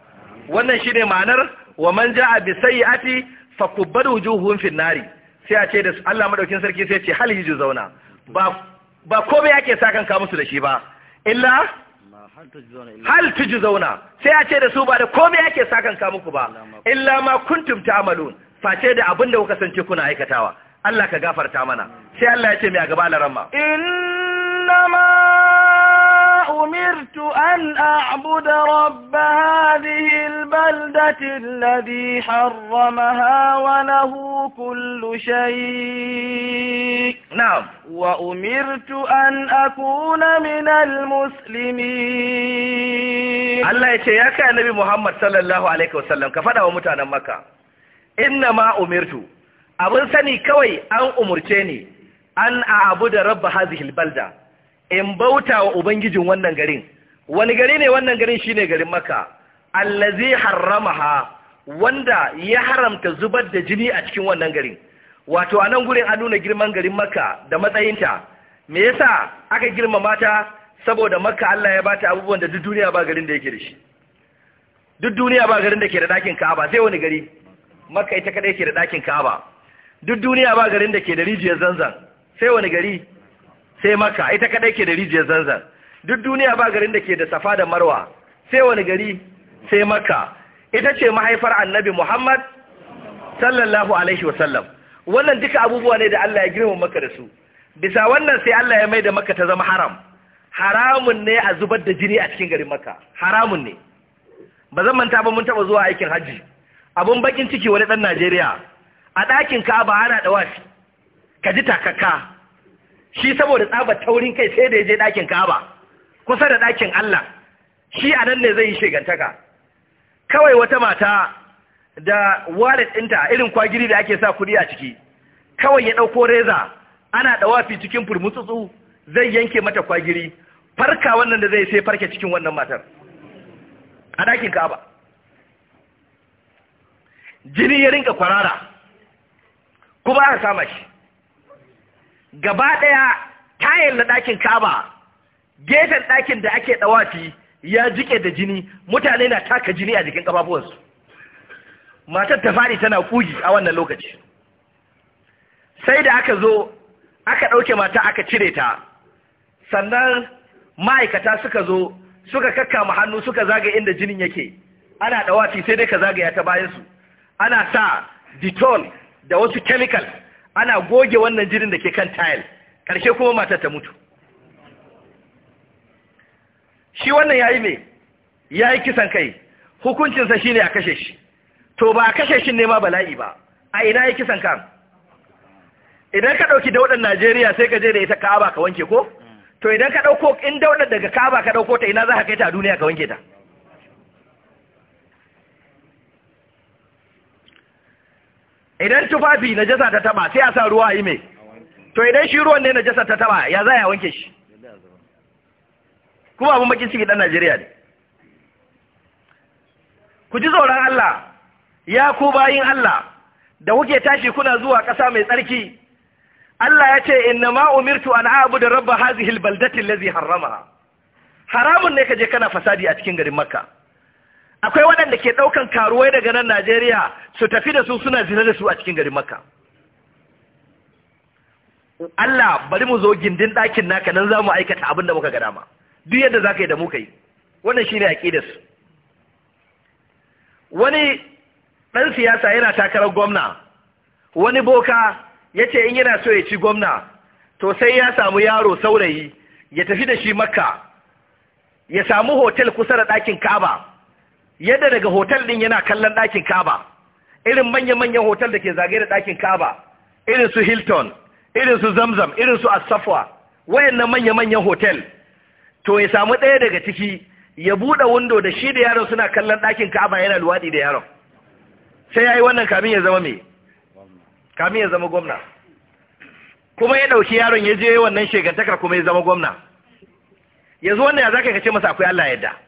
wannan shi ne ma'anar wa man ja'a bi sayyi'ati fa kubbadu wujuhum fin sai a ce da Allah madaukin sarki sai ce hal hiju zauna ba ba komai yake sa kan ka musu da shi ba illa hal tuju zauna sai a ce da su ba da komai yake sa kan ka muku ba illa ma kuntum ta'malun face da abin da kuka sance kuna aikatawa Allah ka gafarta mana sai Allah ya ce mai a gaba laramma innama أمرت أن أعبد رب هذه البلدة الذي حرمها وله كل شيء نعم وأمرت أن أكون من المسلمين الله يتياك النبي محمد صلى الله عليه وسلم كفنا ومتانا مكة إنما أمرت أبن سني كوي أن أمرتني أن أعبد رب هذه البلدة in bauta wa ubangijin wannan garin wani gari ne wannan garin ne garin maka allazi haramaha wanda ya haramta zubar da jini a cikin wannan garin wato a nan gurin an nuna girman garin maka da matsayinta me yasa aka girma mata saboda maka Allah ya bata abubuwan da duk duniya ba garin da yake da shi duk duniya ba garin da ke da ɗakin Ka'aba sai wani gari maka ita kadai ke da ɗakin Ka'aba duk duniya ba garin da ke da rijiyar Zanzan sai wani gari sai maka ita kadai ke da rijiyar zanzan duk duniya ba garin da ke da safa da marwa sai wani gari sai maka ita ce mahaifar annabi muhammad sallallahu alaihi wasallam wannan duka abubuwa ne da allah ya girma maka da su bisa wannan sai allah ya mai da maka ta zama haram haramun ne a zubar da jini a cikin garin maka haramun ne ba zan manta ba mun taba zuwa aikin hajji abun bakin ciki wani dan najeriya a ɗakin ba ana da wafi ka ji takakka shi saboda tsabar taurin kai sai da ya je ɗakin kaba kusa da ɗakin Allah shi a nan ne zai yi shigantaka kawai wata mata da wallet ɗinta irin kwagiri da ake sa kuɗi a ciki kawai ya ɗauko reza ana ɗawafi cikin furmutsutsu zai yanke mata kwagiri farka wannan da zai sai farke cikin wannan matar a ɗakin kaba jini ya rinka kwarara kuma aka kama shi gaba ɗaya tayar na ɗakin kaba gefen ɗakin da ake ɗawafi ya jike da jini mutane na taka jini a jikin ƙafafuwansu matar ta faɗi tana kugi a wannan lokaci sai da aka zo aka ɗauke mata aka cire ta sannan ma'aikata suka zo suka kakkama hannu suka zaga inda jinin yake ana ɗawafi sai dai ka zagaya ta bayansu ana sa ditol da wasu chemical ana goge wannan jirin da ke kan tile ƙarshe kuma matar ta mutu shi wannan yayi me yayi kisan kai hukuncinsa shine a kashe shi to ba a kashe shi ne ma bala'i ba a ina yayi kisan kan idan ka ɗauki daudar Najeriya sai ka je da ita Ka'aba ka wanke ko to idan ka ɗauko in daudar daga Ka'aba ka ɗauko ta ina za ka kai ta a duniya ka wanke ta idan tufafi na jasa ta taba sai a sa ruwa a yi mai to idan shi ruwan ne jasa ta taba ya za ya wanke shi kuma abin makin ciki dan Najeriya ne ku ji tsoron Allah ya ku bayin Allah da kuke tashi kuna zuwa ƙasa mai tsarki Allah ya ce inna ma umirtu an a'budu rabb hadhihi albaldati allazi harramaha haramun ne ka je kana fasadi a cikin garin Makka akwai waɗanda ke ɗaukan karuwai daga nan Najeriya su tafi da su suna zina da su a cikin garin Makka Allah bari mu zo gindin ɗakin naka nan za mu aikata abin da muka ga dama duk yadda za ka yi da muka yi wannan shi ne a su wani ɗan siyasa yana takarar gwamna wani boka ya ce in yana so ya ci gwamna to sai ya samu yaro saurayi ya tafi da shi makka ya samu hotel kusa da ɗakin kaba yadda daga hotel din yana kallon ɗakin kaba irin manya-manyan hotel da ke zagaye da ɗakin kaba irin su hilton irin su zamzam irin su asafwa wayannan manya-manyan hotel to ya samu ɗaya daga ciki ya buɗe windo da shi da yaron suna kallon ɗakin kaba yana luwaɗi da yaron sai ya yi wannan kamin ya zama mai kamin ya zama gwamna kuma ya ɗauki yaron ya je wannan shegantakar kuma ya zama gwamna yanzu wannan ya za ka kace masa akwai Allah yadda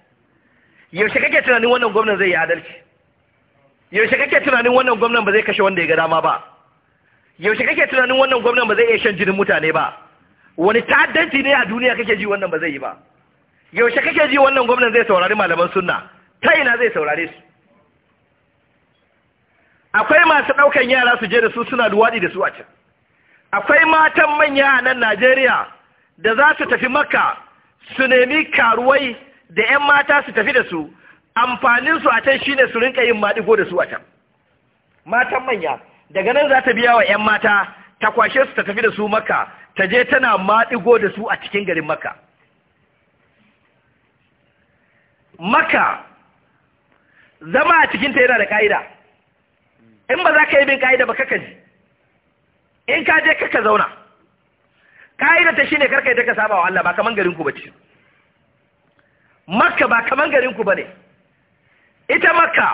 yaushe kake tunanin wannan gwamnan zai yi adalci yaushe kake tunanin wannan gwamnan ba zai kashe wanda ya ga dama ba yaushe kake tunanin wannan gwamnan ba zai iya shan jinin mutane ba wani ta'addanci ne a duniya kake ji wannan ba zai yi ba yaushe kake ji wannan gwamnan zai saurari malaman sunna ta ina zai saurare su akwai masu ɗaukan yara su je da su suna luwaɗi da su a can akwai matan manya a nan najeriya da za su tafi makka su nemi karuwai da 'yan mata su tafi da su amfanin su a can shine su rinka yin maɗigo da su a can matan manya daga nan za ta biya wa 'yan mata ta kwashe su ta tafi da su maka, ta je tana maɗigo da su a cikin garin maka. maka zama a cikinta yana da ƙa'ida in ba za ka yi bin ƙa'ida ba kaka ji in ka je kaka zauna ƙa'ida ta shine karka yi ta ka saba wa Allah ba kaman garin ku ba ce makka ba kamar garinku ba ne ita makka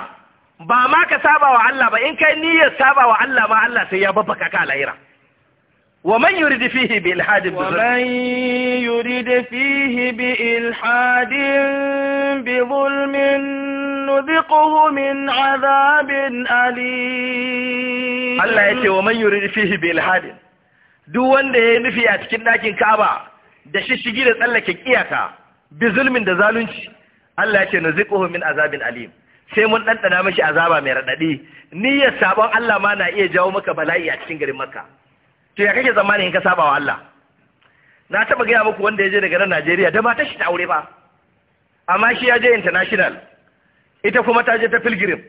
ba ma ka saba wa Allah ba in kai niyyar saba wa Allah ma Allah sai ya babbaka ka lahira wa man yuridu fihi bi ilhadin bi zulm man yuridu fihi bi ilhadin bi zulm nudhiquhu min adhabin alim Allah yace wa man yuridu fihi bi ilhadin duk wanda ya nufi a cikin ɗakin Ka'aba da shi shishigi da tsallake kiyata bi zulmin da zalunci Allah ya ce min azabin alim sai mun ɗanɗana mashi azaba mai raɗaɗi niyyar sabon Allah ma na iya jawo maka bala'i a cikin garin maka to ya kake zamanin ka saba wa Allah na taɓa gaya muku wanda ya je daga nan Najeriya da mata shi ta aure ba amma shi ya je international ita kuma ta je ta pilgrim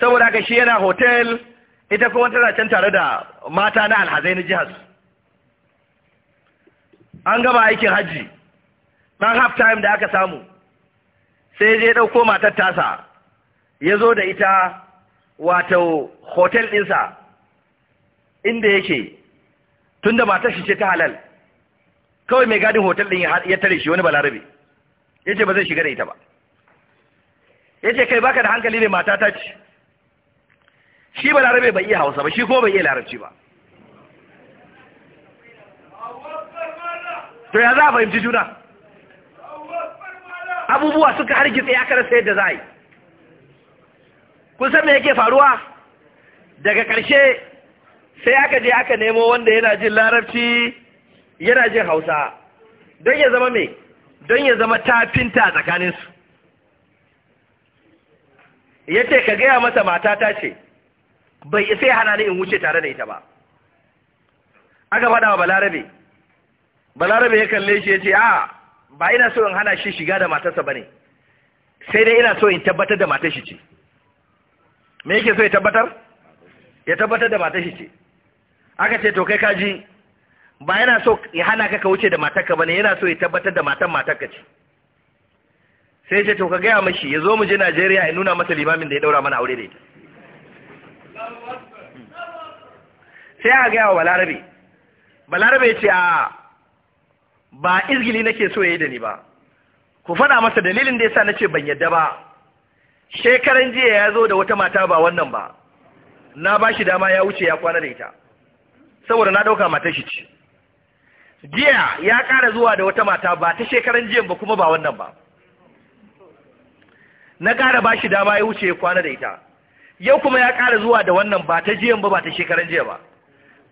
saboda haka shi yana hotel ita kuma tana can tare da mata na alhazai na jihar an gama aikin hajji ɗan half time da aka samu sai zai ɗauko matar tasa ya zo da ita wato hotel ɗinsa inda yake tun da matar shi ce ta halal kawai mai gadin hotel ɗin ya tare shi wani balarabe ya ce ba zai shiga da ita ba ya ce kai baka da hankali ne mata ta ci shi balarabe bai iya hausa ba shi ko bai iya larabci ba to ya za a fahimci juna abubuwa suka hargitse ya rasa yadda za a yi kun san me yake faruwa daga karshe sai aka je aka nemo wanda yana jin larabci yana jin hausa don ya zama me don ya zama tafinta tsakaninsu ya ce ka gaya masa mata ta ce bai isa ya hana ni in wuce tare da ita ba aka fada wa balarabe balarabe ya kalle shi ya ce a ah, ba ina so in hana shi shiga da matarsa ba ne sai dai ina so in tabbatar da matar shi ce me yake so ya tabbatar ya tabbatar da matar shi ce aka ce to kai kaji ba ina so ya hana ka ka wuce da matarka ba ne yana so ya tabbatar da matan matarka ce sai ce to ka gaya mashi ya zo mu je Najeriya in nuna masa limamin da ya daura mana aure da ita sai a gaya wa balarabe balarabe ce a ba izgili nake so yayi da ni ba ku faɗa masa dalilin da yasa nace ban yadda ba shekaran jiya ya zo da wata mata ba wannan ba na ba shi dama ya wuce ya kwana da ita saboda na ɗauka matar shi ce jiya ya ƙara zuwa da wata mata ba ta shekaran jiyan ba kuma ba wannan ba na ƙara ba shi dama ya wuce ya kwana da ita yau kuma ya ƙara zuwa da wannan ba ta jiyan ba ba ta shekaran jiya ba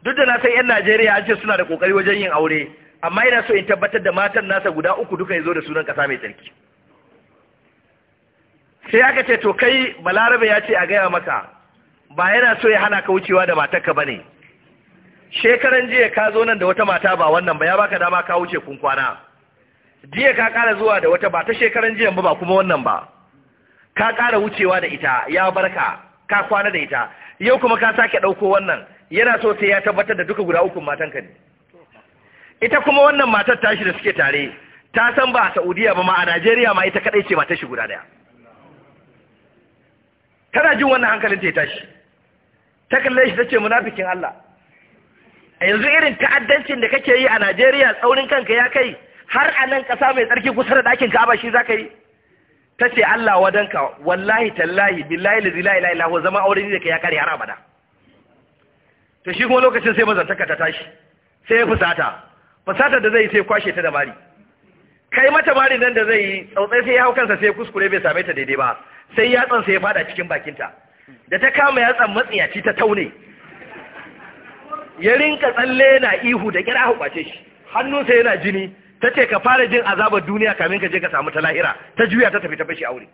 duk da na san 'yan najeriya an ce suna da ƙoƙari wajen yin aure amma yana so in tabbatar da matan nasa guda uku duka ya zo da sunan kasa mai tsarki sai aka ce to kai balarabe ya ce a gaya maka ba yana so ya hana ka wucewa da matarka ba ne shekaran jiya ka zo nan da wata mata ba wannan ba ya baka dama ka wuce kun jiya ka ƙara zuwa da wata ba ta shekaran jiya ba ba kuma wannan ba ka ƙara wucewa da ita ya barka ka kwana da ita yau kuma ka sake ɗauko wannan yana so sai ya tabbatar da duka guda matan matanka ne ita kuma wannan matar tashi da suke tare ta san ba a Saudiya ba ma a Najeriya ma ita kadai ce matar shi guda daya tana jin wannan hankalin ta tashi ta kalle shi ta ce munafikin Allah a yanzu irin ta'addancin da kake yi a Najeriya tsaurin kanka ya kai har a nan ƙasa mai tsarki kusa da ɗakin ba shi za ka yi ta ce Allah wadanka wallahi tallahi billahi la ilaha illa zama aure da ka ya kare har abada to shi kuma lokacin sai mazantaka ta tashi sai ya fusata fasatar da zai yi sai kwashe ta da mari kai mata mari nan da zai yi tsautsai sai ya hau kansa sai kuskure bai same ta daidai ba sai yatsan sai ya fada cikin bakinta da ta kama yatsan matsiyaci ta taune ya rinka tsalle na ihu da kira kwace shi hannunsa yana jini ta ce ka fara jin azabar duniya kamin ka je ka samu ta lahira ta juya ta tafi ta bashi aure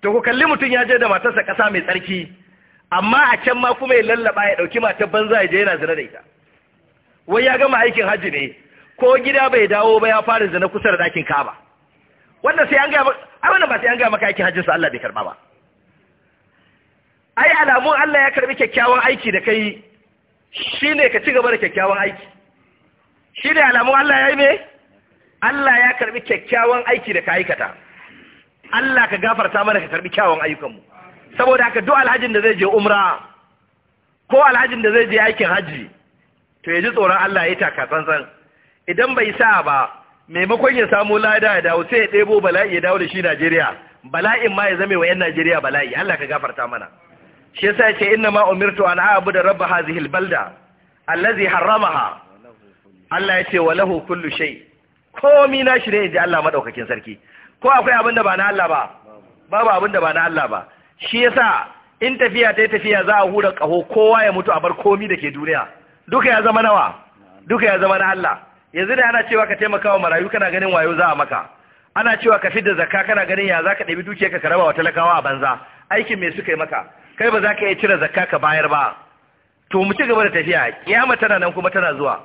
to ku kalli mutum ya je da matarsa kasa mai tsarki amma a can ma kuma ya lallaba ya dauki matar banza ya je yana zina da ita wai ya gama aikin hajji ne ko gida bai dawo ba ya fara zina kusa da ɗakin kaba wannan sai an gaya maka wannan ba sai an gaya maka aikin hajjinsa Allah bai karba ba ai alamun Allah ya karbi kyakkyawan aiki da kai shine ka ci gaba da kyakkyawan aiki shine alamun Allah ya yi me Allah ya karbi kyakkyawan aiki da ka aikata Allah ka gafarta mana ka karbi kyawawan ayyukanmu saboda haka duk alhajin da zai je umra ko alhajin da zai je aikin hajji to yaji ji tsoron Allah ya taka tsantsan idan bai sa ba maimakon ya samu lada ya dawo sai ya ɗebo bala'i ya dawo da shi Najeriya bala'in ma ya zame wa 'yan Najeriya bala'i Allah ka gafarta mana shi yasa yace inna ma umirtu an a'budu rabb hadhihi albalda allazi harramaha Allah yace wa lahu kullu shay komi na shi ne da Allah madaukakin sarki ko akwai abin da ba na Allah ba babu abin da ba na Allah ba shi yasa in tafiya ta tafiya za a hura kaho kowa ya mutu a bar komi da ke duniya duka ya zama nawa duka ya zama na Allah yanzu da ana cewa ka taimaka wa marayu kana ganin wayo za a maka ana cewa ka fidda zakka kana ganin ya zaka ɗabi dukiya ka karaba wa talakawa a banza aikin me suka yi maka kai ba za ka iya cire zakka ka bayar ba to mu ci gaba da tafiya kiyama tana nan kuma tana zuwa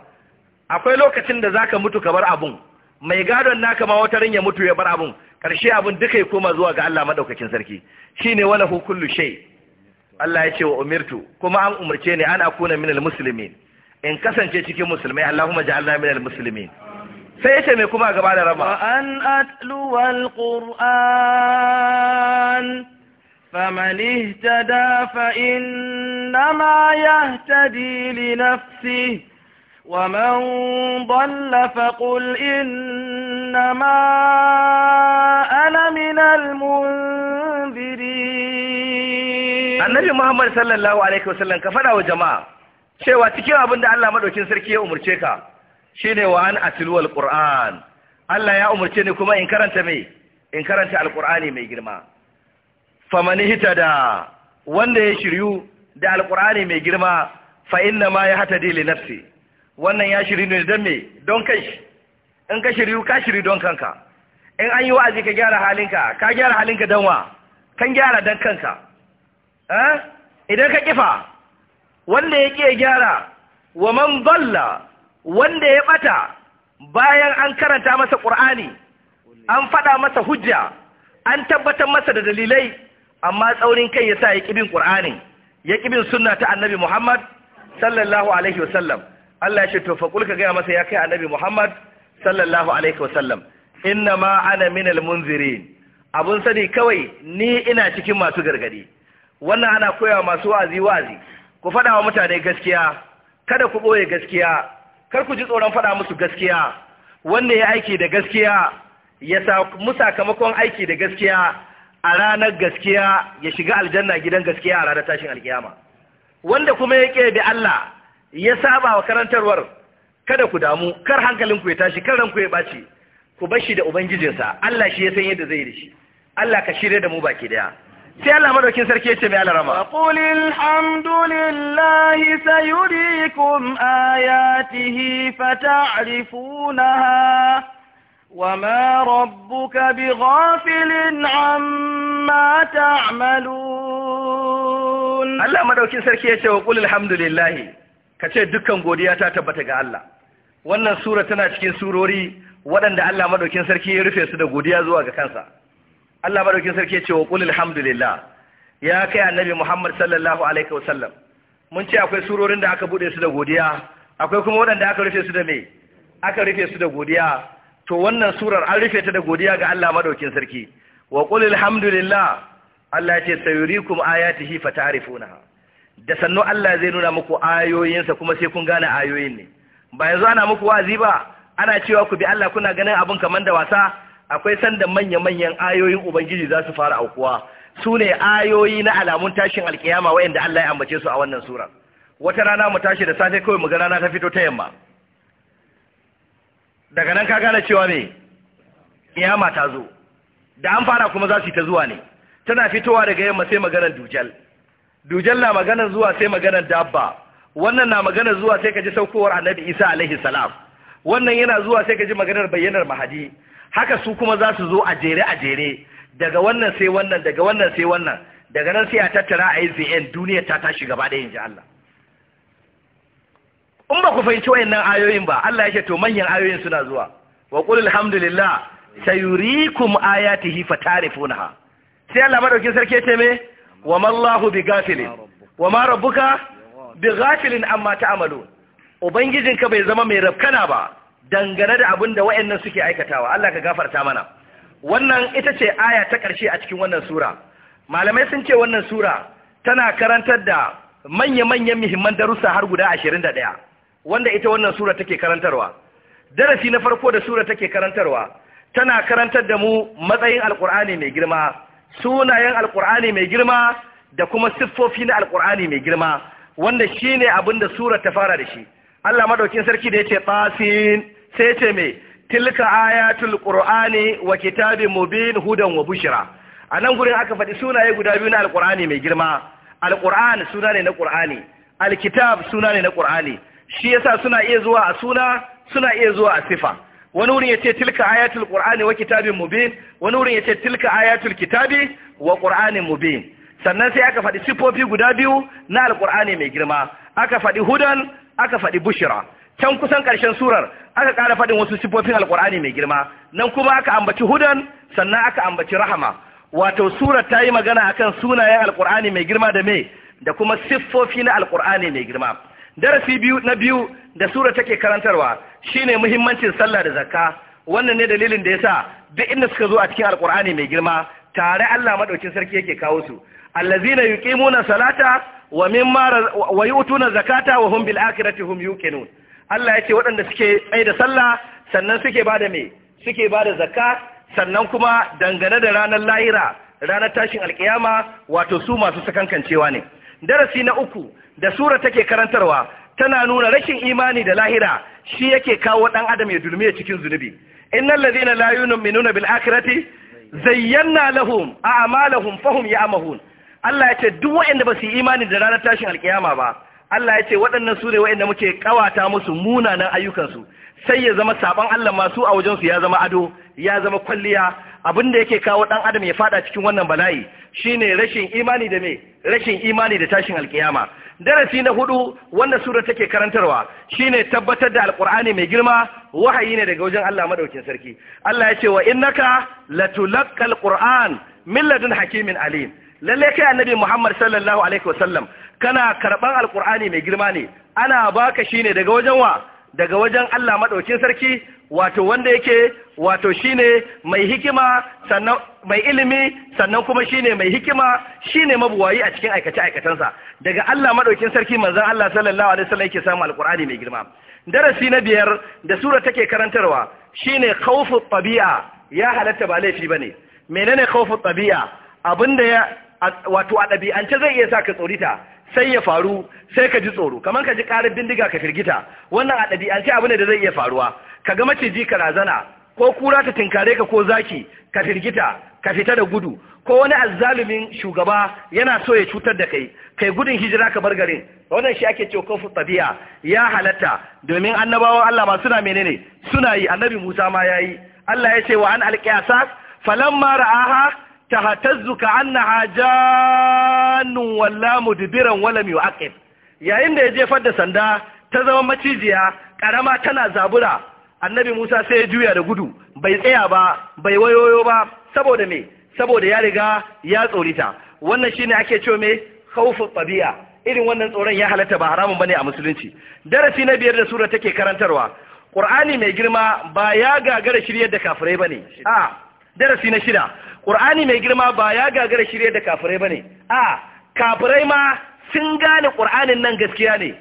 akwai lokacin da zaka mutu ka bar abun mai gadon naka ma wata ya mutu ya bar abun karshe abun duka ya koma zuwa ga Allah madaukakin sarki shine wala hu kullu shay Allah ya ce wa umirtu kuma an umarce ni an akuna minal muslimin in kasance cikin musulmai Allahumma ja'alna minal muslimin sai yace mai kuma gaba da rama an atlu wal qur'an faman ihtada fa innama yahtadi li nafsihi ومن ضل فقل إنما أنا من المنذرين النبي محمد صلى الله عليه وسلم كفنا وجماعة cewa cikin abin da Allah madaukin sarki ya umurce ka shine wa an atlu alquran Allah ya umurce ni kuma in karanta me in karanta alqurani mai girma hita hitada wanda ya shiryu da alqurani mai girma fa inna ma ya yahtadi li nafsi wannan ya shiryu ne dan me don kai in ka shiryu ka shiryu don kanka in an yi wa'azi ka gyara halinka ka gyara halinka dan wa kan gyara dan kanka eh idan ka kifa wanda ya ke gyara wa man balla wanda ya bata bayan an karanta masa ƙur'ani an faɗa masa hujja an tabbatar masa da dalilai amma tsaurin kai ya sa ya ƙibin ƙur'ani ya ƙibin sunna ta annabi muhammad sallallahu alaihi wasallam Allah ya ce to gaya masa ya kai annabi muhammad sallallahu alaihi wasallam inna ma ana minal munzirin abun sani kawai ni ina cikin masu gargadi wannan ana koyawa masu wazi wazi ku faɗa wa mutane gaskiya kada ku ɓoye gaskiya kar ku ji tsoron faɗa musu gaskiya wanda ya aiki da gaskiya ya samu sakamakon aiki da gaskiya a ranar gaskiya ya shiga aljanna gidan gaskiya a ranar tashin alkiyama wanda kuma ya ƙebe Allah ya saba wa karantarwar kada ku damu kar hankalinku ya tashi kar ranku ya ɓaci ku bar shi da ubangijinsa Allah shi ya san yadda zai yi da shi Allah ka shirya da mu baki daya sai Allah madaukin sarki ya ce mai alarama qul alhamdulillahi sayuriikum ayatihi fata'rifunaha wama rabbuka bighafilin amma ta'malun Allah madaukin sarki ya ce wa qul ka kace dukkan godiya ta tabbata ga Allah wannan sura tana cikin surori waɗanda Allah madaukin sarki ya rufe su da godiya zuwa ga kansa Allah madaukin sarki ya ce wa qul alhamdulillah ya kai annabi Muhammad sallallahu alaihi wasallam mun ce akwai surorin da aka bude su da godiya akwai kuma waɗanda aka rufe su da me aka rufe su da godiya to wannan surar an rufe ta da godiya ga Allah madaukin sarki wa qul alhamdulillah Allah ce sayurikum ayatihi fata'rifunaha da sannu Allah zai nuna muku ayoyinsa kuma sai kun gane ayoyin ne ba yanzu ana muku wazi ba ana cewa ku bi Allah kuna ganin abun kaman da wasa akwai sanda manya-manyan ayoyin ubangiji za su fara aukuwa su ne ayoyi na alamun tashin alkiyama wayanda Allah ya ambace su a wannan sura wata rana mu tashi da safe kawai magana na rana ta fito ta yamma daga nan ka gane cewa me kiyama ta zo da an fara kuma za su ta zuwa ne tana fitowa daga yamma sai maganar dujal dujal na maganar zuwa sai maganar dabba wannan na maganar zuwa sai ka ji saukowar annabi isa alaihi salam wannan yana zuwa sai ka ji maganar bayyanar mahadi haka su kuma za su zo a jere a jere daga wannan sai wannan daga wannan sai wannan daga nan sai a tattara a yi duniya ta tashi gaba ɗaya inji Allah in ba ku fahimci wayannan ayoyin ba Allah yake to manyan ayoyin suna zuwa wa qul alhamdulillah sayurikum ayatihi fatarifunha sai Allah madaukin sarki ce me wa mallahu bighafilin wa ma rabbuka bighafilin amma ta'malun ubangijinka bai zama mai rafkana ba dangane da abin da wa'annan suke aikatawa Allah ka gafarta mana wannan ita ce aya ta ƙarshe a cikin wannan sura malamai sun ce wannan sura tana karantar da manya-manyan muhimman darussa har guda ashirin da ɗaya, wanda ita wannan sura take karantarwa darasi na farko da sura take karantarwa tana karantar da mu matsayin alkur'ani mai girma sunayen alkur'ani mai girma da kuma siffofi na alkur'ani mai girma wanda shine abin da sura ta fara da shi Allah madaukin sarki da yace tasin sai ce me tilka ayatul qur'ani wa kitabin mubin hudan wa bushra anan gurin aka faɗi sunaye guda biyu na alqur'ani mai girma alqur'an suna ne na qur'ani alkitab suna ne na qur'ani shi yasa suna iya zuwa a suna suna iya zuwa a sifa wani wurin yace tilka ayatul qur'ani wa kitabin mubin wani wurin yace tilka ayatul kitabi wa qur'anin mubin sannan sai aka faɗi sifofi guda biyu na alqur'ani mai girma aka faɗi hudan aka faɗi bushira can kusan ƙarshen surar aka ƙara faɗin wasu sifofin alƙur'ani mai girma nan kuma aka ambaci hudan sannan aka ambaci rahama wato surar ta yi magana akan sunayen alƙur'ani mai girma da me da kuma siffofi na alƙur'ani mai girma darasi biyu na biyu da sura take karantarwa shine muhimmancin sallah da zakka wannan ne dalilin da yasa duk inda suka zo a cikin alƙur'ani mai girma tare Allah madaukin sarki yake kawo su allazina yuqimuna salata wa mimma wa yutuna zakata wa hum bil akhirati hum yuqinun Allah yake waɗanda suke tsaye da sallah sannan suke bada me suke bada zakat sannan kuma dangane da ranar lahira ranar tashin alkiyama wato su masu sakankancewa ne darasi na uku da sura take karantarwa tana nuna rashin imani da lahira shi yake kawo dan adam ya dulmiye cikin zunubi innal ladina la yu'minuna bil akhirati zayyana lahum a'malahum fahum ya'mahun Allah ya ce duk waɗanda ba su yi imani da ranar tashin alkiyama ba Allah ya ce waɗannan su ne waɗanda muke kawata musu munanan ayyukansu sai ya zama saban Allah masu a wajensu ya zama ado ya zama kwalliya abin da yake kawo ɗan adam ya fada cikin wannan bala'i shine rashin imani da me rashin imani da tashin alkiyama darasi na hudu wanda sura take karantarwa shi ne tabbatar da alkur'ani mai girma wahayi ne daga wajen Allah madaukin sarki Allah ya ce wa innaka latulaqqal qur'an min ladun hakimin alim lalle kai annabi Muhammad sallallahu alaihi wasallam kana karban alqur'ani mai girma ne ana baka shine daga wajen wa daga wajen Allah madaukin sarki wato wanda yake wato shine mai hikima sannan mai ilimi sannan kuma shine mai hikima shine mabuwayi a cikin aikace aikatansa daga Allah madaukin sarki manzon Allah sallallahu alaihi wasallam yake samu alqur'ani mai girma darasi na biyar da sura take karantarwa shine khawfu tabi'a ya halatta ba laifi bane menene khawfu tabi'a abinda ya wato a ɗabi'ance zai iya sa ka tsorita sai ya faru sai ka ji tsoro kamar ka ji ƙarar bindiga ka firgita wannan a ɗabi'ance abu ne da zai iya faruwa ka ga maciji ka razana ko kura ta tinkare ka ko zaki ka firgita ka fita da gudu ko wani azzalumin shugaba yana so ya cutar da kai kai gudun hijira ka bar garin wannan shi ake cewa kofu tabiya ya halatta domin annabawa Allah ma suna menene suna yi annabi Musa ma yayi Allah ya ce wa an alqiyasas falamma ra'aha tahatazzuka anna annaha jannun walla mudbiran wala yu'aqib yayin da ya jefar da sanda ta zama macijiya karama tana zabura annabi Musa sai ya juya da gudu bai tsaya ba bai wayoyo ba saboda me saboda ya riga ya tsorita wannan shine ake cewa me khawfu tabi'a irin wannan tsoron ya halatta ba haramun bane a musulunci darasi na biyar da sura take karantarwa Qur'ani mai girma ba ya gagara shiryar da kafirai bane a ah, darasi na shida ƙur'ani mai girma ba ya gagara shirye da kafirai ba ne a kafirai ma sun gane ƙur'anin nan gaskiya ne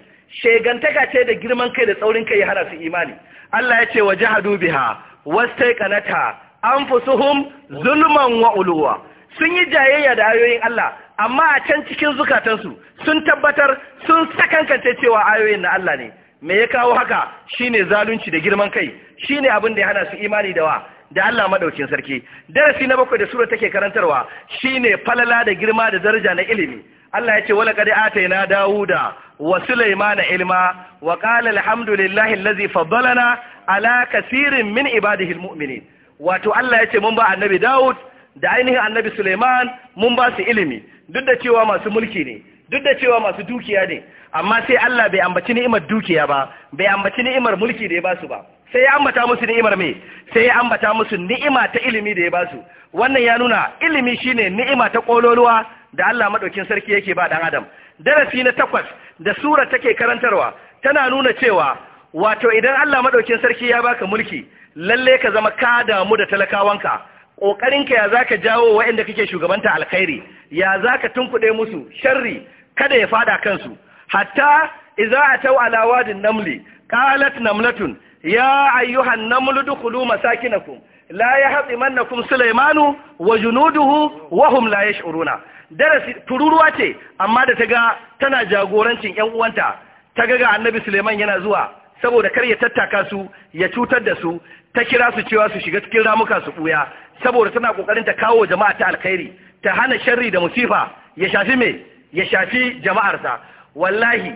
shegantaka ce da girman kai da tsaurin kai ya hana su imani Allah ya ce wa jahadu biha an anfusuhum zulman wa uluwa sun yi jayayya da ayoyin Allah amma a can cikin zukatansu sun tabbatar sun sakankance cewa ayoyin na Allah ne me ya kawo haka shine zalunci da girman kai shine abin da ya hana su imani da wa da Allah madaukin sarki darasi na bakwai da sura take karantarwa shine falala da girma da daraja na ilimi Allah ya ce wala qad atayna dauda wa sulaymana ilma wa qala alhamdulillahi allazi faddalana ala kaseerin min ibadihi almu'minin wato Allah ya ce mun ba annabi Dawud da ainihin annabi Sulaiman mun ba su ilimi duk da cewa masu mulki ne duk da cewa masu dukiya ne amma sai Allah bai ambaci ni'imar dukiya ba bai ambaci ni'imar mulki da ya ba su ba sai ya ambata musu ni'imar me sai ya ambata musu ni'ima ta ilimi da ya ba su wannan ya nuna ilimi shine ni'ima ta kololuwa da Allah madaukin sarki yake ba dan adam darasi na takwas da sura take karantarwa tana nuna cewa wato idan Allah madaukin sarki ya baka mulki lalle ka zama ka damu da talakawanka ƙoƙarinka ya zaka jawo waɗanda kake shugabanta alkhairi ya zaka tunkuɗe musu sharri kada ya fada kansu hatta idza ataw ala wadin namli qalat namlatun ya ayyuhan namlu dukhulu masakinakum la yahdimannakum sulaymanu wa junuduhu wa hum la yash'uruna darasi tururuwa ce amma da taga tana jagorancin ƴan uwanta taga ga annabi Suleiman yana zuwa saboda kar ya tattaka su ya cutar da su ta kira su cewa su shiga cikin ramuka su buya saboda tana kokarin ta kawo jama'a ta alkhairi ta hana sharri da musifa ya shafi me ya shafi jama'arsa wallahi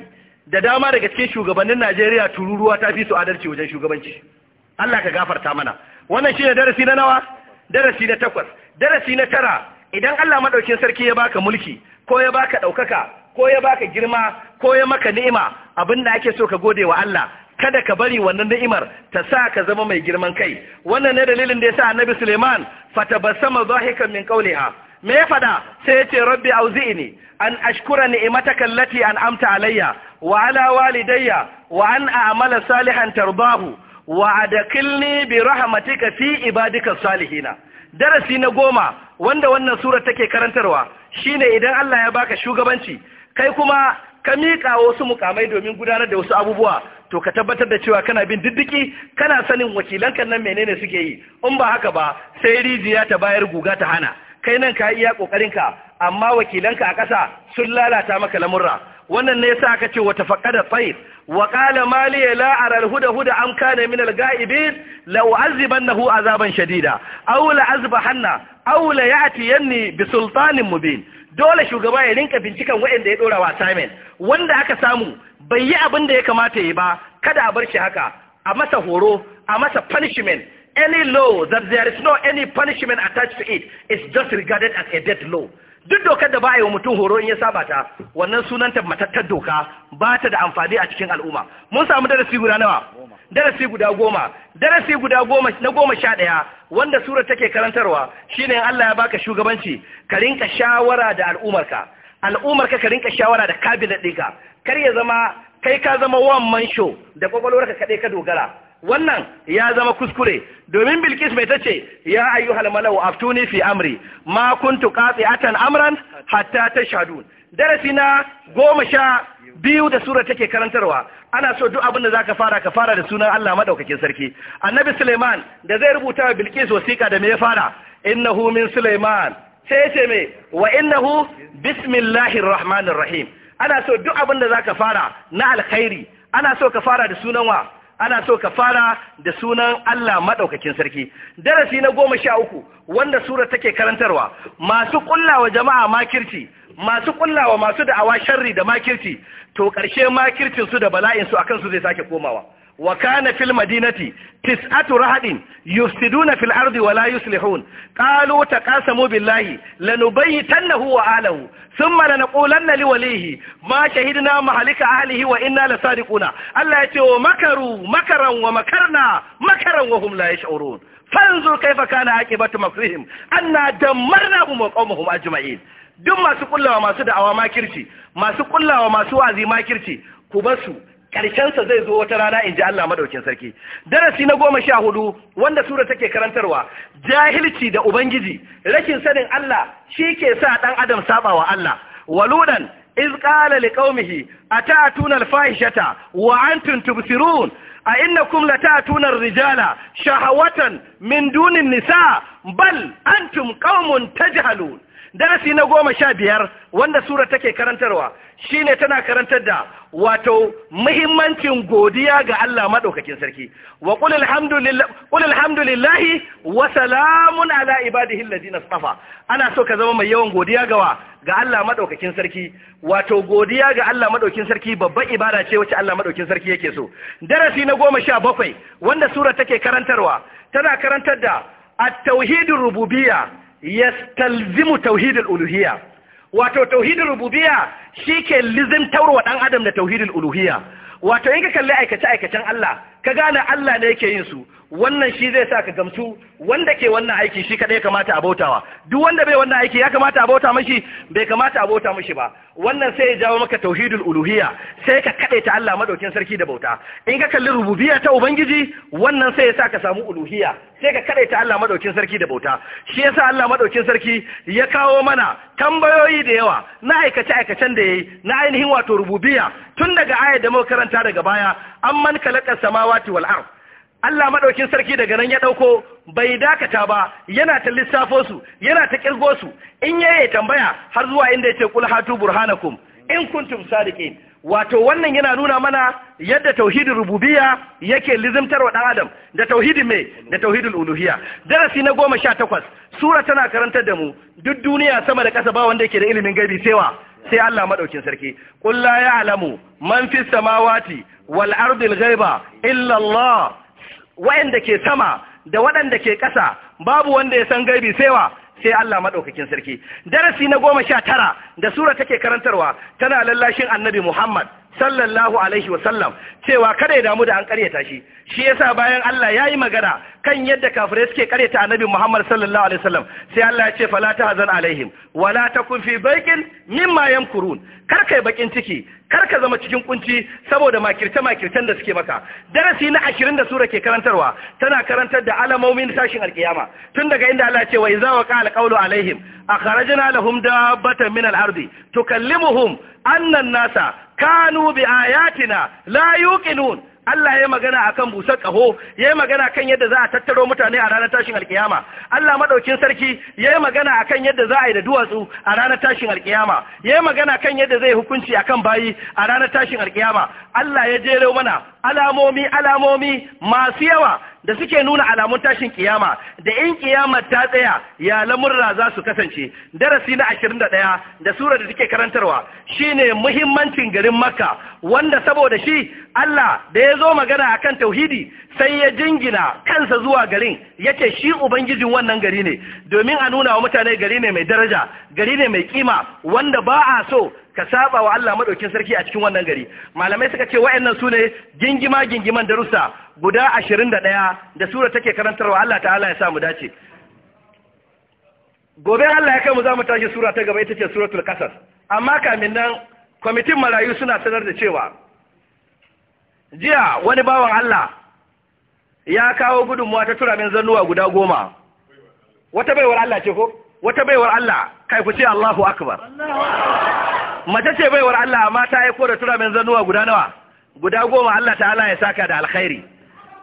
da dama daga cikin shugabannin Najeriya tururuwa ta fi su adalci wajen shugabanci Allah ka gafarta mana wannan shine darasi na nawa darasi na takwas darasi na tara idan Allah maɗaukin sarki ya baka mulki ko ya baka ɗaukaka, ko ya baka girma ko ya maka ni'ima abin da ake so ka gode wa Allah kada ka bari wannan ni'imar ta sa ka zama mai girman kai wannan ne dalilin da ya sa annabi Suleiman fatabassama zahikan min qawliha me ya fada sai ya ce rabbi auzi'ni an ashkura ni'mataka allati an'amta alayya wa ala walidayya wa an a'mala salihan tarbahu wa kilni bi rahmatika fi ibadika salihina darasi na goma wanda wannan sura take karantarwa shine idan Allah ya baka shugabanci kai kuma ka miƙa wasu mukamai domin gudanar da wasu abubuwa to ka tabbatar da cewa kana bin diddiki kana sanin wakilan kan nan menene suke yi in ba haka ba sai rijiya ta bayar guga ta hana kai nan ka iya ƙoƙarinka amma wakilanka a ƙasa sun lalata maka lamurra wannan ne yasa aka ce wa tafaqqada tayr wa qala mali la ara al-huda huda am kana min al-ghaibin law azibannahu azaban shadida aw la azbahanna aw la ya'tiyanni bi sultanin mubin dole shugaba ya rinka bincikan waɗanda ya dora wa assignment wanda aka samu bai yi abin da ya kamata yi ba kada a bar shi haka a masa horo a masa punishment any law that there is no any punishment attached to it is just regarded as a dead law duk dokar da ba yi wa mutum horo in ya saba ta wannan sunanta matattar doka ba ta da amfani a cikin al'umma mun samu darasi guda nawa darasi guda goma darasi guda goma na goma sha ɗaya wanda sura take karantarwa shine Allah ya baka shugabanci ka rinka shawara da al'umarka al'ummarka ka rinka shawara da kabinet ɗinka kar ya zama kai ka zama wan man show da kwakwalwarka kaɗai ka dogara wannan ya zama kuskure domin bilkis mai ce ya ayyuhal malau aftuni fi amri ma kuntu atan amran hatta tashhadun darasi na goma sha biyu da sura take karantarwa ana so duk abin da zaka fara ka fara da sunan Allah madaukakin sarki annabi Suleiman da zai rubuta wa bilkis wasiqa da me ya fara innahu min Suleiman sai ce me wa innahu bismillahir rahmanir rahim ana so duk abin da zaka fara na alkhairi ana so ka fara da sunan wa ana so ka fara da sunan Allah maɗaukakin sarki darasi na goma sha uku wanda sura take karantarwa masu kullawa jama'a makirci masu kullawa masu da'awa sharri da makirci to ƙarshe makircin da bala'insu a kansu zai sake komawa wa kana fil madinati tis'atu rahadin yusiduna fil ardi wa la yuslihun qalu taqasamu billahi lanubayyitannahu wa ahlihi thumma lanqulanna li walihi ma shahidna mahalika ahlihi wa inna lasadiquna Allah yace wa makaru makaran wa makarna makaran wa hum la yash'urun fanzur kaifa kana aqibatu makrihim anna dammarnahum wa qawmahum ajma'in duk masu kullawa masu da'awa makirci masu kullawa masu wazi makirci ku basu sa zai zo wata rana in ji Allah madaukin sarki darasi na goma sha hudu wanda sura take karantarwa jahilci da ubangiji rashin sanin Allah shi ke sa ɗan adam sabawa Allah waludan iz a liqaumihi atatuna fahishata, wa antum tubsirun a innakum latatuna rijala shahawatan min dunin nisa bal antum qaumun tajhalun darasi na goma sha biyar wanda sura take karantarwa shine tana karantar da wato muhimmancin godiya ga Allah maɗaukakin sarki wa qul alhamdulillah wa salamun ala ibadihi ana so ka zama mai yawan godiya gawa ga Allah maɗaukakin sarki wato godiya ga Allah madaukakin sarki babban ibada ce wacce Allah madaukakin sarki yake so darasi na goma sha bakwai wanda sura take karantarwa tana karantar da at-tauhidur rububiyya yastalzimu tauhidul uluhiyya wato tauhidin rububiyya shi ke lizimtar wa ɗan adam da tauhidin uluhiyya wato in ka kalli aikace-aikacen Allah ka gane Allah ne yake yin su wannan shi zai sa ka gamsu wanda ke wannan aiki shi kadai kamata a bautawa duk wanda bai wannan aiki ya kamata a bauta mashi bai kamata a bauta mashi ba wannan sai ya jawo maka tauhidul uluhiyya sai ka kade ta Allah madaukin sarki da bauta in ka kalli rububiyya ta ubangiji wannan sai ya sa ka samu uluhiyya sai ka kade ta Allah madaukin sarki da bauta shi yasa Allah madaukin sarki ya kawo mana tambayoyi da yawa na aikace aikacen da yayi na ainihin wato rububiyya tun daga ayar da muka karanta daga baya man kalakar samawati wal ard Allah madaukin sarki daga nan ya ɗauko bai dakata ba yana ta lissafo su yana ta kirgo su in yaye tambaya har zuwa inda yace kul hatu burhanakum in kuntum sadiqin wato wannan yana nuna mana yadda tauhidin rububiyya yake lizimtar wa adam da tauhidin mai da tauhidin uluhiya. darasi na goma sha takwas sura tana karantar da mu duk duniya sama da ƙasa ba wanda yake da ilimin gaibi sewa sai Allah maɗaukin sarki Ƙulla ya alamu man fis samawati wal gaiba illallah wayanda ke sama da waɗanda ke ƙasa babu wanda ya san gaibi saiwa sai Allah maɗaukakin sarki darasi na goma sha tara da sura take karantarwa tana lallashin annabi Muhammad sallallahu alaihi wasallam cewa kada ya damu da an karyata shi shi yasa bayan Allah ya yi magana kan yadda kafirai suke karyata annabi Muhammad sallallahu alaihi wasallam sai Allah ya ce fala tahzan alaihim wala takun fi baikin mimma yamkurun kar kai bakin ciki kar ka zama cikin kunci saboda makirce makircen da suke maka darasi na 20 da sura ke karantarwa tana karantar da alamomin tashin alkiyama tun daga inda Allah ya ce wa iza waqa a alaihim akhrajna lahum dabbatan min al-ardi tukallimuhum anna an-nasa kanu bi ayatina la yuqinun Allah ya magana akan busar kaho ya magana kan yadda za a tattaro mutane a ranar tashin alkiyama Allah madaukin sarki ya magana akan yadda za a yi da duwatsu a ranar tashin alkiyama ya magana kan yadda zai hukunci akan bayi a ranar tashin alkiyama Allah ya jero mana alamomi alamomi masu yawa da suke nuna alamun tashin kiyama da in kiyama ta tsaya ya lamurra za su kasance darasi na ashirin da surar da suke karantarwa shine muhimmancin garin makka wanda saboda shi Allah da ya zo magana akan tauhidi sai ya jingina kansa zuwa garin yake shi ubangijin wannan gari ne domin a nuna wa mutane gari ne mai daraja gari ne mai kima wanda ba a so ka saba wa Allah madaukin sarki a cikin wannan gari malamai suka ce wayannan su ne gingima gingiman darussa guda ashirin da ɗaya da sura take karantarwa Allah ta'ala ya sa mu dace gobe Allah ya kai mu za mu tashi sura ta gaba ita ce suratul kasas amma kamin nan kwamitin marayu suna sanar da cewa jiya wani bawan Allah ya kawo gudunmuwa ta turamin zannuwa guda goma wata baiwar Allah ce ko wata baiwar Allah kai ku ce Allahu akbar mace ce baiwar Allah amma ta aiko da turamin zannuwa guda nawa guda goma Allah ta'ala ya saka da alkhairi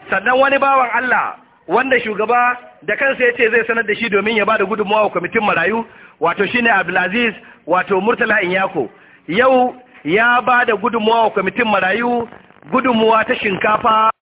sannan wani bawan Allah wanda shugaba da kansa ya ce zai sanar da shi domin ya ba bada gudunmawa kwamitin marayu wato shine Abdulaziz wato Murtala Inyako yau ya ba da gudunmawa kwamitin marayu gudunmawa ta shinkafa